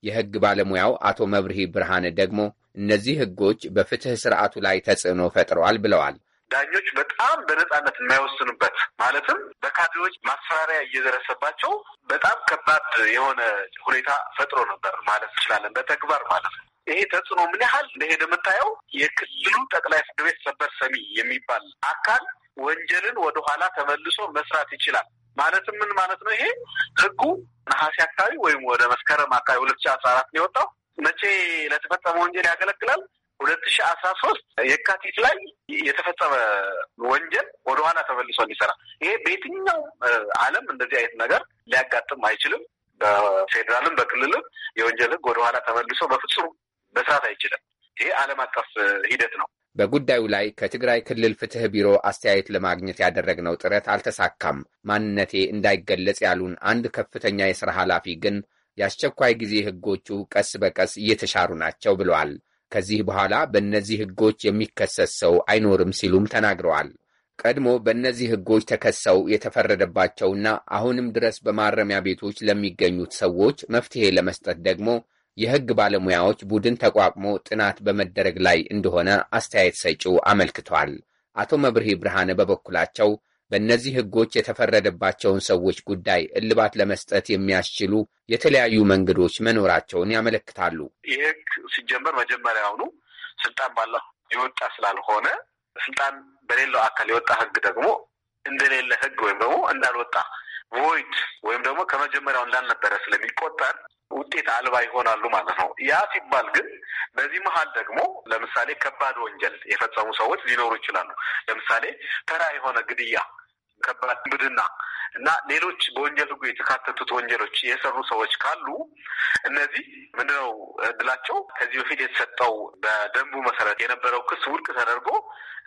የህግ ባለሙያው አቶ መብርሂ ብርሃን ደግሞ እነዚህ ህጎች በፍትህ ስርዓቱ ላይ ተጽዕኖ ፈጥረዋል ብለዋል። ዳኞች በጣም በነጻነት የማይወስኑበት ማለትም በካድሬዎች ማስፈራሪያ እየደረሰባቸው በጣም ከባድ የሆነ ሁኔታ ፈጥሮ ነበር ማለት እንችላለን፣ በተግባር ማለት ነው። ይሄ ተጽዕኖ ምን ያህል እንደሄደ የምታየው የክልሉ ጠቅላይ ፍርድ ቤት ሰበር ሰሚ የሚባል አካል ወንጀልን ወደኋላ ተመልሶ መስራት ይችላል ማለትም ምን ማለት ነው? ይሄ ህጉ ነሐሴ አካባቢ ወይም ወደ መስከረም አካባቢ ሁለት ሺ አስራ አራት ነው የወጣው። መቼ ለተፈጸመ ወንጀል ያገለግላል? ሁለት ሺ አስራ ሶስት የካቲት ላይ የተፈጸመ ወንጀል ወደኋላ ተመልሶ እንዲሰራ። ይሄ በየትኛው ዓለም እንደዚህ አይነት ነገር ሊያጋጥም አይችልም። በፌዴራልም በክልልም የወንጀል ህግ ወደኋላ ተመልሶ በፍጹም መስራት አይችልም። ይሄ ዓለም አቀፍ ሂደት ነው። በጉዳዩ ላይ ከትግራይ ክልል ፍትህ ቢሮ አስተያየት ለማግኘት ያደረግነው ጥረት አልተሳካም። ማንነቴ እንዳይገለጽ ያሉን አንድ ከፍተኛ የሥራ ኃላፊ ግን የአስቸኳይ ጊዜ ሕጎቹ ቀስ በቀስ እየተሻሩ ናቸው ብለዋል። ከዚህ በኋላ በእነዚህ ሕጎች የሚከሰስ ሰው አይኖርም ሲሉም ተናግረዋል። ቀድሞ በእነዚህ ሕጎች ተከሰው የተፈረደባቸውና አሁንም ድረስ በማረሚያ ቤቶች ለሚገኙት ሰዎች መፍትሄ ለመስጠት ደግሞ የህግ ባለሙያዎች ቡድን ተቋቁሞ ጥናት በመደረግ ላይ እንደሆነ አስተያየት ሰጪው አመልክቷል። አቶ መብርሂ ብርሃነ በበኩላቸው በእነዚህ ህጎች የተፈረደባቸውን ሰዎች ጉዳይ እልባት ለመስጠት የሚያስችሉ የተለያዩ መንገዶች መኖራቸውን ያመለክታሉ። ይህ ህግ ሲጀመር መጀመሪያውኑ ስልጣን ባለው የወጣ ስላልሆነ ስልጣን በሌለው አካል የወጣ ህግ ደግሞ እንደሌለ ህግ ወይም ደግሞ እንዳልወጣ ቮይድ ወይም ደግሞ ከመጀመሪያው እንዳልነበረ ስለሚቆጠር ውጤት አልባ ይሆናሉ ማለት ነው። ያ ሲባል ግን በዚህ መሀል ደግሞ ለምሳሌ ከባድ ወንጀል የፈጸሙ ሰዎች ሊኖሩ ይችላሉ። ለምሳሌ ተራ የሆነ ግድያ፣ ከባድ ብድና እና ሌሎች በወንጀል ሕጉ የተካተቱት ወንጀሎች የሰሩ ሰዎች ካሉ እነዚህ ምንድነው እድላቸው ከዚህ በፊት የተሰጠው በደንቡ መሰረት የነበረው ክስ ውድቅ ተደርጎ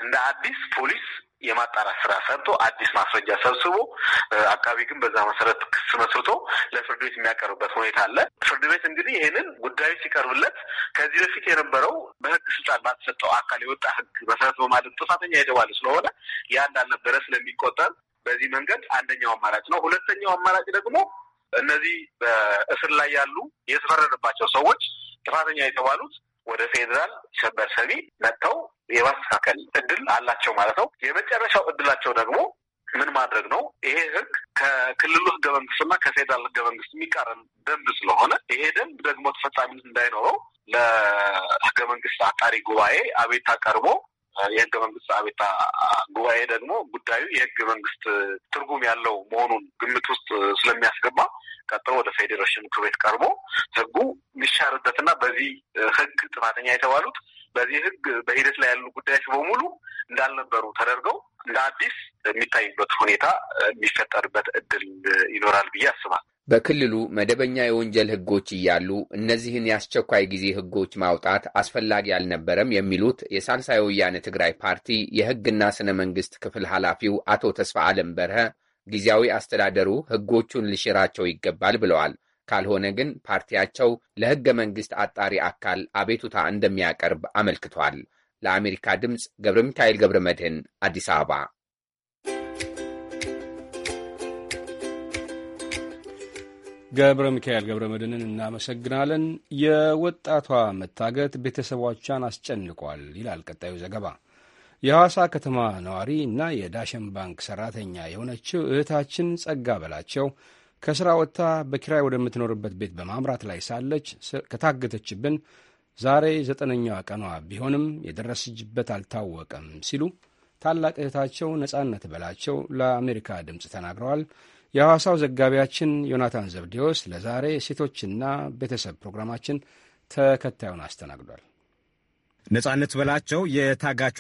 እንደ አዲስ ፖሊስ የማጣራት ስራ ሰርቶ አዲስ ማስረጃ ሰብስቦ አቃቢ ግን በዛ መሰረት ክስ መስርቶ ለፍርድ ቤት የሚያቀርብበት ሁኔታ አለ። ፍርድ ቤት እንግዲህ ይህንን ጉዳዩ ሲቀርብለት ከዚህ በፊት የነበረው በህግ ስልጣን ባልተሰጠው አካል የወጣ ህግ መሰረት በማድረግ ጥፋተኛ የተባለ ስለሆነ ያ እንዳልነበረ ስለሚቆጠር በዚህ መንገድ አንደኛው አማራጭ ነው። ሁለተኛው አማራጭ ደግሞ እነዚህ በእስር ላይ ያሉ የተፈረደባቸው ሰዎች ጥፋተኛ የተባሉት ወደ ፌዴራል ሸበር ሰቢ መጥተው የማስተካከል እድል አላቸው ማለት ነው። የመጨረሻው እድላቸው ደግሞ ምን ማድረግ ነው? ይሄ ህግ ከክልሉ ህገ መንግስትና ከፌዴራል ህገ መንግስት የሚቃረን ደንብ ስለሆነ ይሄ ደንብ ደግሞ ተፈጻሚነት እንዳይኖረው ለህገ መንግስት አጣሪ ጉባኤ አቤታ ቀርቦ የህገ መንግስት አቤታ ጉባኤ ደግሞ ጉዳዩ የህገ መንግስት ትርጉም ያለው መሆኑን ግምት ውስጥ ስለሚያስገባ ቀጥሎ ወደ ፌዴሬሽን ምክር ቤት ቀርቦ ህጉ የሚሻርበትና በዚህ ህግ ጥፋተኛ የተባሉት በዚህ ህግ በሂደት ላይ ያሉ ጉዳዮች በሙሉ እንዳልነበሩ ተደርገው እንደ አዲስ የሚታዩበት ሁኔታ የሚፈጠርበት እድል ይኖራል ብዬ አስባል። በክልሉ መደበኛ የወንጀል ህጎች እያሉ እነዚህን የአስቸኳይ ጊዜ ህጎች ማውጣት አስፈላጊ አልነበረም የሚሉት የሳልሳይ ወያነ ትግራይ ፓርቲ የህግና ስነ መንግስት ክፍል ኃላፊው አቶ ተስፋ አለም በርሀ ጊዜያዊ አስተዳደሩ ህጎቹን ሊሽራቸው ይገባል ብለዋል። ካልሆነ ግን ፓርቲያቸው ለህገ መንግስት አጣሪ አካል አቤቱታ እንደሚያቀርብ አመልክቷል። ለአሜሪካ ድምፅ ገብረ ሚካኤል ገብረ መድህን አዲስ አበባ። ገብረ ሚካኤል ገብረ መድህንን እናመሰግናለን። የወጣቷ መታገት ቤተሰቦቿን አስጨንቋል ይላል ቀጣዩ ዘገባ። የሐዋሳ ከተማ ነዋሪ እና የዳሸን ባንክ ሠራተኛ የሆነችው እህታችን ጸጋ በላቸው ከሥራ ወጥታ በኪራይ ወደምትኖርበት ቤት በማምራት ላይ ሳለች ከታገተችብን ዛሬ ዘጠነኛዋ ቀኗ ቢሆንም የደረሰችበት አልታወቀም ሲሉ ታላቅ እህታቸው ነጻነት በላቸው ለአሜሪካ ድምፅ ተናግረዋል። የሐዋሳው ዘጋቢያችን ዮናታን ዘብዴዎስ ለዛሬ ሴቶችና ቤተሰብ ፕሮግራማችን ተከታዩን አስተናግዷል። ነጻነት በላቸው የታጋቿ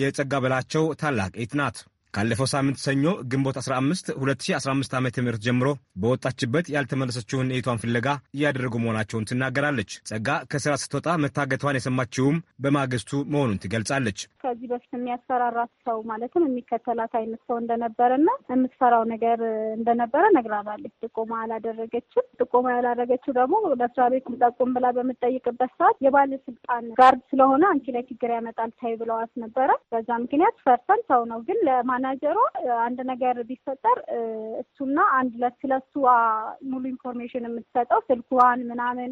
የጸጋ በላቸው ታላቅ ኤት ናት። ካለፈው ሳምንት ሰኞ ግንቦት 15 2015 ዓ ም ጀምሮ በወጣችበት ያልተመለሰችውን እህቷን ፍለጋ እያደረጉ መሆናቸውን ትናገራለች። ጸጋ ከስራ ስትወጣ መታገቷን የሰማችውም በማግስቱ መሆኑን ትገልጻለች። ከዚህ በፊት የሚያስፈራራት ሰው ማለትም የሚከተላት አይነት ሰው እንደነበረና የምትፈራው ነገር እንደነበረ ነግራናለች። ጥቆማ አላደረገችም። ጥቆማ ያላደረገችው ደግሞ ለስራ ቤት ጠቁም ብላ በምጠይቅበት ሰዓት የባለስልጣን ጋርድ ስለሆነ አንቺ ላይ ችግር ያመጣል ታይ ብለዋት ነበረ። በዛ ምክንያት ፈርተን ሰው ነው ግን ለማ ማናጀሯ አንድ ነገር ቢፈጠር እሱና አንድ ለት ሙሉ ኢንፎርሜሽን የምትሰጠው ስልኳን ምናምን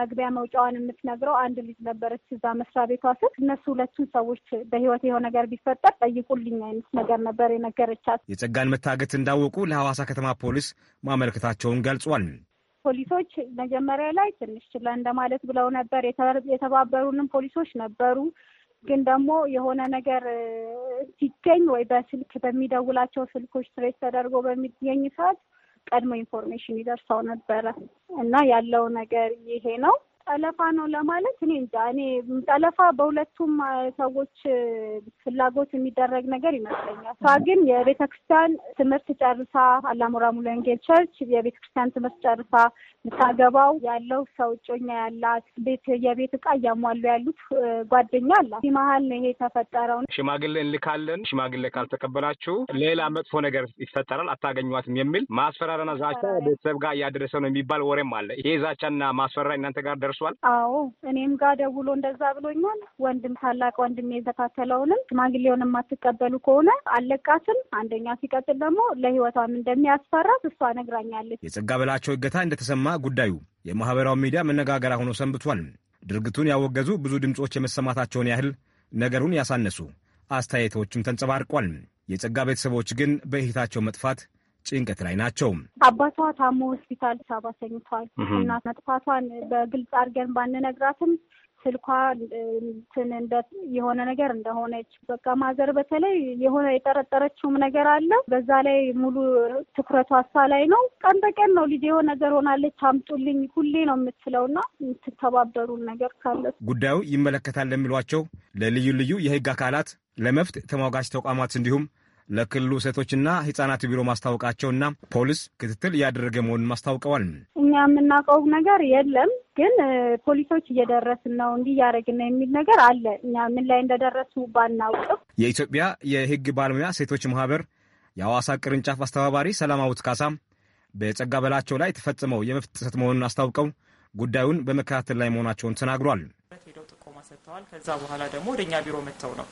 መግቢያ መውጫዋን የምትነግረው አንድ ልጅ ነበረች እዛ መስሪያ ቤቷ ስት እነሱ ሁለቱን ሰዎች በህይወት የሆነ ነገር ቢፈጠር ጠይቁልኝ አይነት ነገር ነበር የነገረቻት። የጸጋን መታገት እንዳወቁ ለሐዋሳ ከተማ ፖሊስ ማመልከታቸውን ገልጿል። ፖሊሶች መጀመሪያ ላይ ትንሽ ችላ እንደማለት ብለው ነበር። የተባበሩንም ፖሊሶች ነበሩ ግን ደግሞ የሆነ ነገር ሲገኝ ወይ በስልክ በሚደውላቸው ስልኮች ትሬት ተደርጎ በሚገኝ ሰዓት ቀድሞ ኢንፎርሜሽን ይደርሰው ነበረ እና ያለው ነገር ይሄ ነው። ጠለፋ ነው ለማለት እኔ እንጃ። እኔ ጠለፋ በሁለቱም ሰዎች ፍላጎት የሚደረግ ነገር ይመስለኛል። እሷ ግን የቤተ ክርስቲያን ትምህርት ጨርሳ አላሙራ ሙሉ ወንጌል ቸርች የቤተ ክርስቲያን ትምህርት ጨርሳ ምታገባው ያለው ሰው እጮኛ ያላት ቤት የቤት እቃ እያሟሉ ያሉት ጓደኛ አላት። መሀል ነው ይሄ የተፈጠረው። ሽማግሌ እንልካለን፣ ሽማግሌ ካልተቀበላችሁ ሌላ መጥፎ ነገር ይፈጠራል፣ አታገኟትም የሚል ማስፈራሪያና ዛቻ ቤተሰብ ጋር እያደረሰ ነው የሚባል ወሬም አለ። ይሄ ዛቻና ማስፈራሪያ እናንተ ጋር ደርሶ ደርሷል? አዎ እኔም ጋር ደውሎ እንደዛ ብሎኛል። ወንድም ታላቅ ወንድም የተካተለውንም ሽማግሌውን የማትቀበሉ ከሆነ አለቃትም። አንደኛ ሲቀጥል ደግሞ ለህይወቷም እንደሚያስፈራት እሷ ነግራኛለች። የጸጋ በላቸው እገታ እንደተሰማ ጉዳዩ የማህበራዊ ሚዲያ መነጋገሪያ ሆኖ ሰንብቷል። ድርጊቱን ያወገዙ ብዙ ድምፆች የመሰማታቸውን ያህል ነገሩን ያሳነሱ አስተያየቶችም ተንጸባርቋል። የጸጋ ቤተሰቦች ግን በእህታቸው መጥፋት ጭንቀት ላይ ናቸው። አባቷ ታሞ ሆስፒታል ሳባ ሰኝቷል። እናት መጥፋቷን በግልጽ አድርገን ባንነግራትም ስልኳ እንትን የሆነ ነገር እንደሆነች በቃ ማዘር በተለይ የሆነ የጠረጠረችውም ነገር አለ። በዛ ላይ ሙሉ ትኩረቱ እሷ ላይ ነው። ቀን በቀን ነው ልጅ የሆነ ነገር ሆናለች አምጡልኝ ሁሌ ነው የምትለውና የምትተባበሩን ነገር ካለ ጉዳዩ ይመለከታል ለሚሏቸው ለልዩ ልዩ የህግ አካላት ለመብት ተሟጋች ተቋማት እንዲሁም ለክልሉ ሴቶችና ህጻናት ቢሮ ማስታወቃቸውና ፖሊስ ክትትል እያደረገ መሆኑን ማስታውቀዋል። እኛ የምናውቀው ነገር የለም ግን ፖሊሶች እየደረስን ነው እንዲህ እያደረግን ነው የሚል ነገር አለ። እኛ ምን ላይ እንደደረሱ ባናውቅም የኢትዮጵያ የህግ ባለሙያ ሴቶች ማህበር የአዋሳ ቅርንጫፍ አስተባባሪ ሰላማዊት ካሳ በጸጋ በላቸው ላይ የተፈጸመው የመብት ጥሰት መሆኑን አስታውቀው ጉዳዩን በመከታተል ላይ መሆናቸውን ተናግሯል። ሄደው ጥቆማ ሰጥተዋል። ከዛ በኋላ ደግሞ ወደ እኛ ቢሮ መጥተው ነው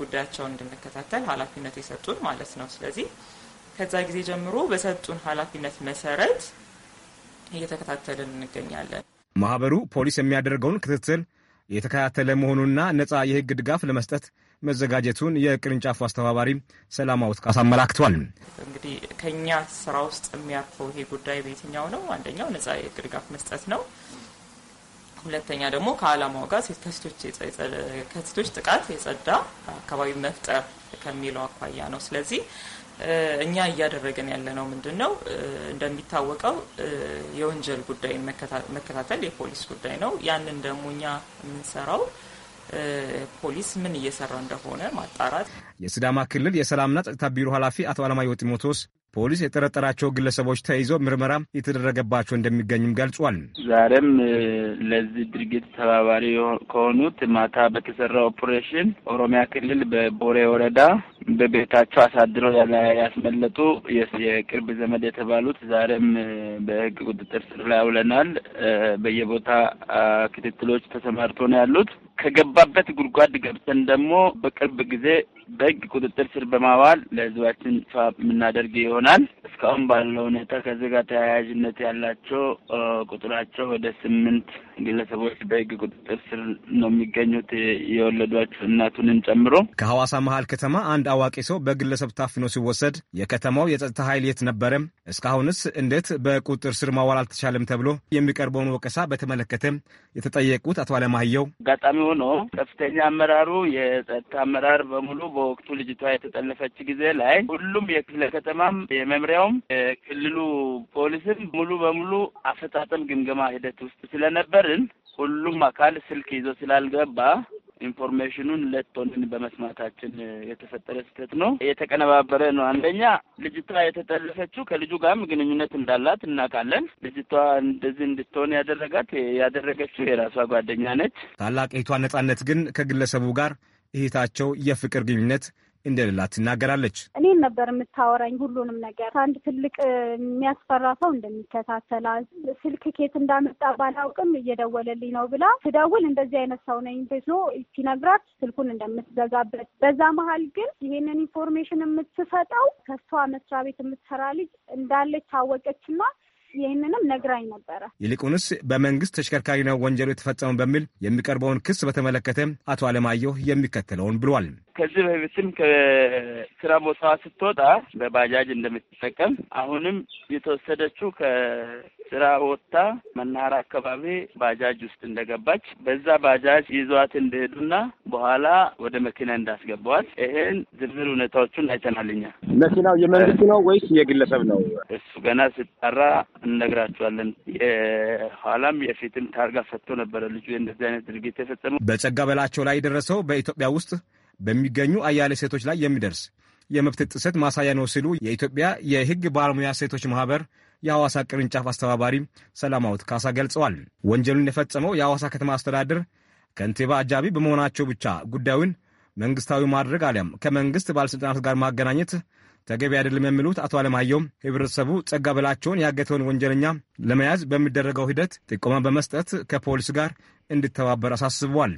ጉዳያቸውን እንድንከታተል ኃላፊነት የሰጡን ማለት ነው። ስለዚህ ከዛ ጊዜ ጀምሮ በሰጡን ኃላፊነት መሰረት እየተከታተልን እንገኛለን። ማህበሩ ፖሊስ የሚያደርገውን ክትትል የተከታተለ መሆኑና ነፃ የህግ ድጋፍ ለመስጠት መዘጋጀቱን የቅርንጫፉ አስተባባሪ ሰላማዊት ካሳ አመላክቷል። እንግዲህ ከኛ ስራ ውስጥ የሚያርፈው ይሄ ጉዳይ በየትኛው ነው? አንደኛው ነፃ የህግ ድጋፍ መስጠት ነው። ሁለተኛ ደግሞ ከዓላማው ጋር ከሴቶች ጥቃት የጸዳ አካባቢ መፍጠር ከሚለው አኳያ ነው። ስለዚህ እኛ እያደረገን ያለ ነው ምንድን ነው? እንደሚታወቀው የወንጀል ጉዳይን መከታተል የፖሊስ ጉዳይ ነው። ያንን ደግሞ እኛ የምንሰራው ፖሊስ ምን እየሰራ እንደሆነ ማጣራት። የስዳማ ክልል የሰላምና ጸጥታ ቢሮ ኃላፊ አቶ አለማየሁ ጢሞቴዎስ ፖሊስ የጠረጠራቸው ግለሰቦች ተይዘው ምርመራ የተደረገባቸው እንደሚገኝም ገልጿል። ዛሬም ለዚህ ድርጊት ተባባሪ ከሆኑት ማታ በተሰራ ኦፕሬሽን ኦሮሚያ ክልል በቦሬ ወረዳ በቤታቸው አሳድረው ያስመለጡ የቅርብ ዘመድ የተባሉት ዛሬም በሕግ ቁጥጥር ስር ላይ አውለናል። በየቦታ ክትትሎች ተሰማርቶ ነው ያሉት። ከገባበት ጉድጓድ ገብተን ደግሞ በቅርብ ጊዜ በህግ ቁጥጥር ስር በማዋል ለህዝባችን ይፋ የምናደርግ ይሆናል። እስካሁን ባለው ሁኔታ ከዚህ ጋር ተያያዥነት ያላቸው ቁጥራቸው ወደ ስምንት ግለሰቦች በህግ ቁጥጥር ስር ነው የሚገኙት የወለዷቸው እናቱንም ጨምሮ። ከሐዋሳ መሀል ከተማ አንድ አዋቂ ሰው በግለሰብ ታፍኖ ሲወሰድ የከተማው የጸጥታ ኃይል የት ነበረም። እስካሁንስ እንዴት በቁጥጥር ስር ማዋል አልተቻለም? ተብሎ የሚቀርበውን ወቀሳ በተመለከተ የተጠየቁት አቶ አለማየሁ አጋጣሚ ሆኖ ከፍተኛ አመራሩ የጸጥታ አመራር በሙሉ በወቅቱ ልጅቷ የተጠለፈች ጊዜ ላይ ሁሉም የክፍለ ከተማም የመምሪያውም የክልሉ ፖሊስም ሙሉ በሙሉ አፈጣጠም ግምገማ ሂደት ውስጥ ስለነበርን ሁሉም አካል ስልክ ይዞ ስላልገባ ኢንፎርሜሽኑን ለቶንን በመስማታችን የተፈጠረ ስህተት ነው። የተቀነባበረ ነው። አንደኛ ልጅቷ የተጠለፈችው ከልጁ ጋርም ግንኙነት እንዳላት እናውቃለን። ልጅቷ እንደዚህ እንድትሆን ያደረጋት ያደረገችው የራሷ ጓደኛ ነች። ታላቅ እህቷ ነጻነት ግን ከግለሰቡ ጋር እህታቸው የፍቅር ግንኙነት እንደሌላት ትናገራለች። እኔን ነበር የምታወራኝ ሁሉንም ነገር። አንድ ትልቅ የሚያስፈራ ሰው እንደሚከታተላ ስልክ ኬት እንዳመጣ ባላውቅም እየደወለልኝ ነው ብላ ትደውል እንደዚህ አይነት ሰው ነኝ ብሎ ሲነግራት ስልኩን እንደምትዘጋበት፣ በዛ መሀል ግን ይሄንን ኢንፎርሜሽን የምትሰጠው ከሷ መስሪያ ቤት የምትሰራ ልጅ እንዳለች አወቀችና ይህንንም ነግራኝ ነበረ። ይልቁንስ በመንግስት ተሽከርካሪ ነው ወንጀሉ የተፈጸመው በሚል የሚቀርበውን ክስ በተመለከተ አቶ አለማየሁ የሚከተለውን ብሏል። ከዚህ በፊትም ከስራ ቦታ ስትወጣ በባጃጅ እንደምትጠቀም አሁንም የተወሰደችው ከስራ ወጥታ መናኸር አካባቢ ባጃጅ ውስጥ እንደገባች በዛ ባጃጅ ይዟት እንደሄዱና በኋላ ወደ መኪና እንዳስገባዋት ይሄን ዝርዝር ሁኔታዎቹን አይተናልኛ። መኪናው የመንግስት ነው ወይስ የግለሰብ ነው? እሱ ገና ስጠራ እንነግራቸዋለን። የኋላም የፊትም ታርጋ ሰጥቶ ነበረ ልጁ እንደዚህ አይነት ድርጊት የፈጸመው በጸጋ በላቸው ላይ የደረሰው በኢትዮጵያ ውስጥ በሚገኙ አያሌ ሴቶች ላይ የሚደርስ የመብት ጥሰት ማሳያ ነው ሲሉ የኢትዮጵያ የሕግ ባለሙያ ሴቶች ማህበር የሐዋሳ ቅርንጫፍ አስተባባሪ ሰላማዊት ካሳ ገልጸዋል። ወንጀሉን የፈጸመው የሐዋሳ ከተማ አስተዳደር ከንቲባ አጃቢ በመሆናቸው ብቻ ጉዳዩን መንግስታዊ ማድረግ አሊያም ከመንግስት ባለሥልጣናት ጋር ማገናኘት ተገቢ አይደለም የሚሉት አቶ አለማየሁም ህብረተሰቡ ጸጋ በላቸውን ያገተውን ወንጀለኛ ለመያዝ በሚደረገው ሂደት ጥቆማ በመስጠት ከፖሊስ ጋር እንዲተባበር አሳስቧል።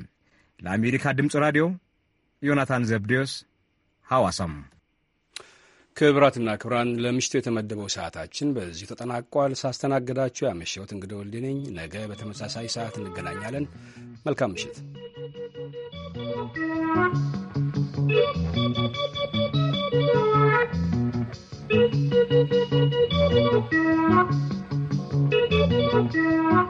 ለአሜሪካ ድምፅ ራዲዮ ዮናታን ዘብዴዎስ ሐዋሳም። ክብራትና ክብራን ለምሽቱ የተመደበው ሰዓታችን በዚሁ ተጠናቋል። ሳስተናግዳችሁ ያመሸሁት እንግዲህ ወልዴ ነኝ። ነገ በተመሳሳይ ሰዓት እንገናኛለን። መልካም ምሽት። Thank you.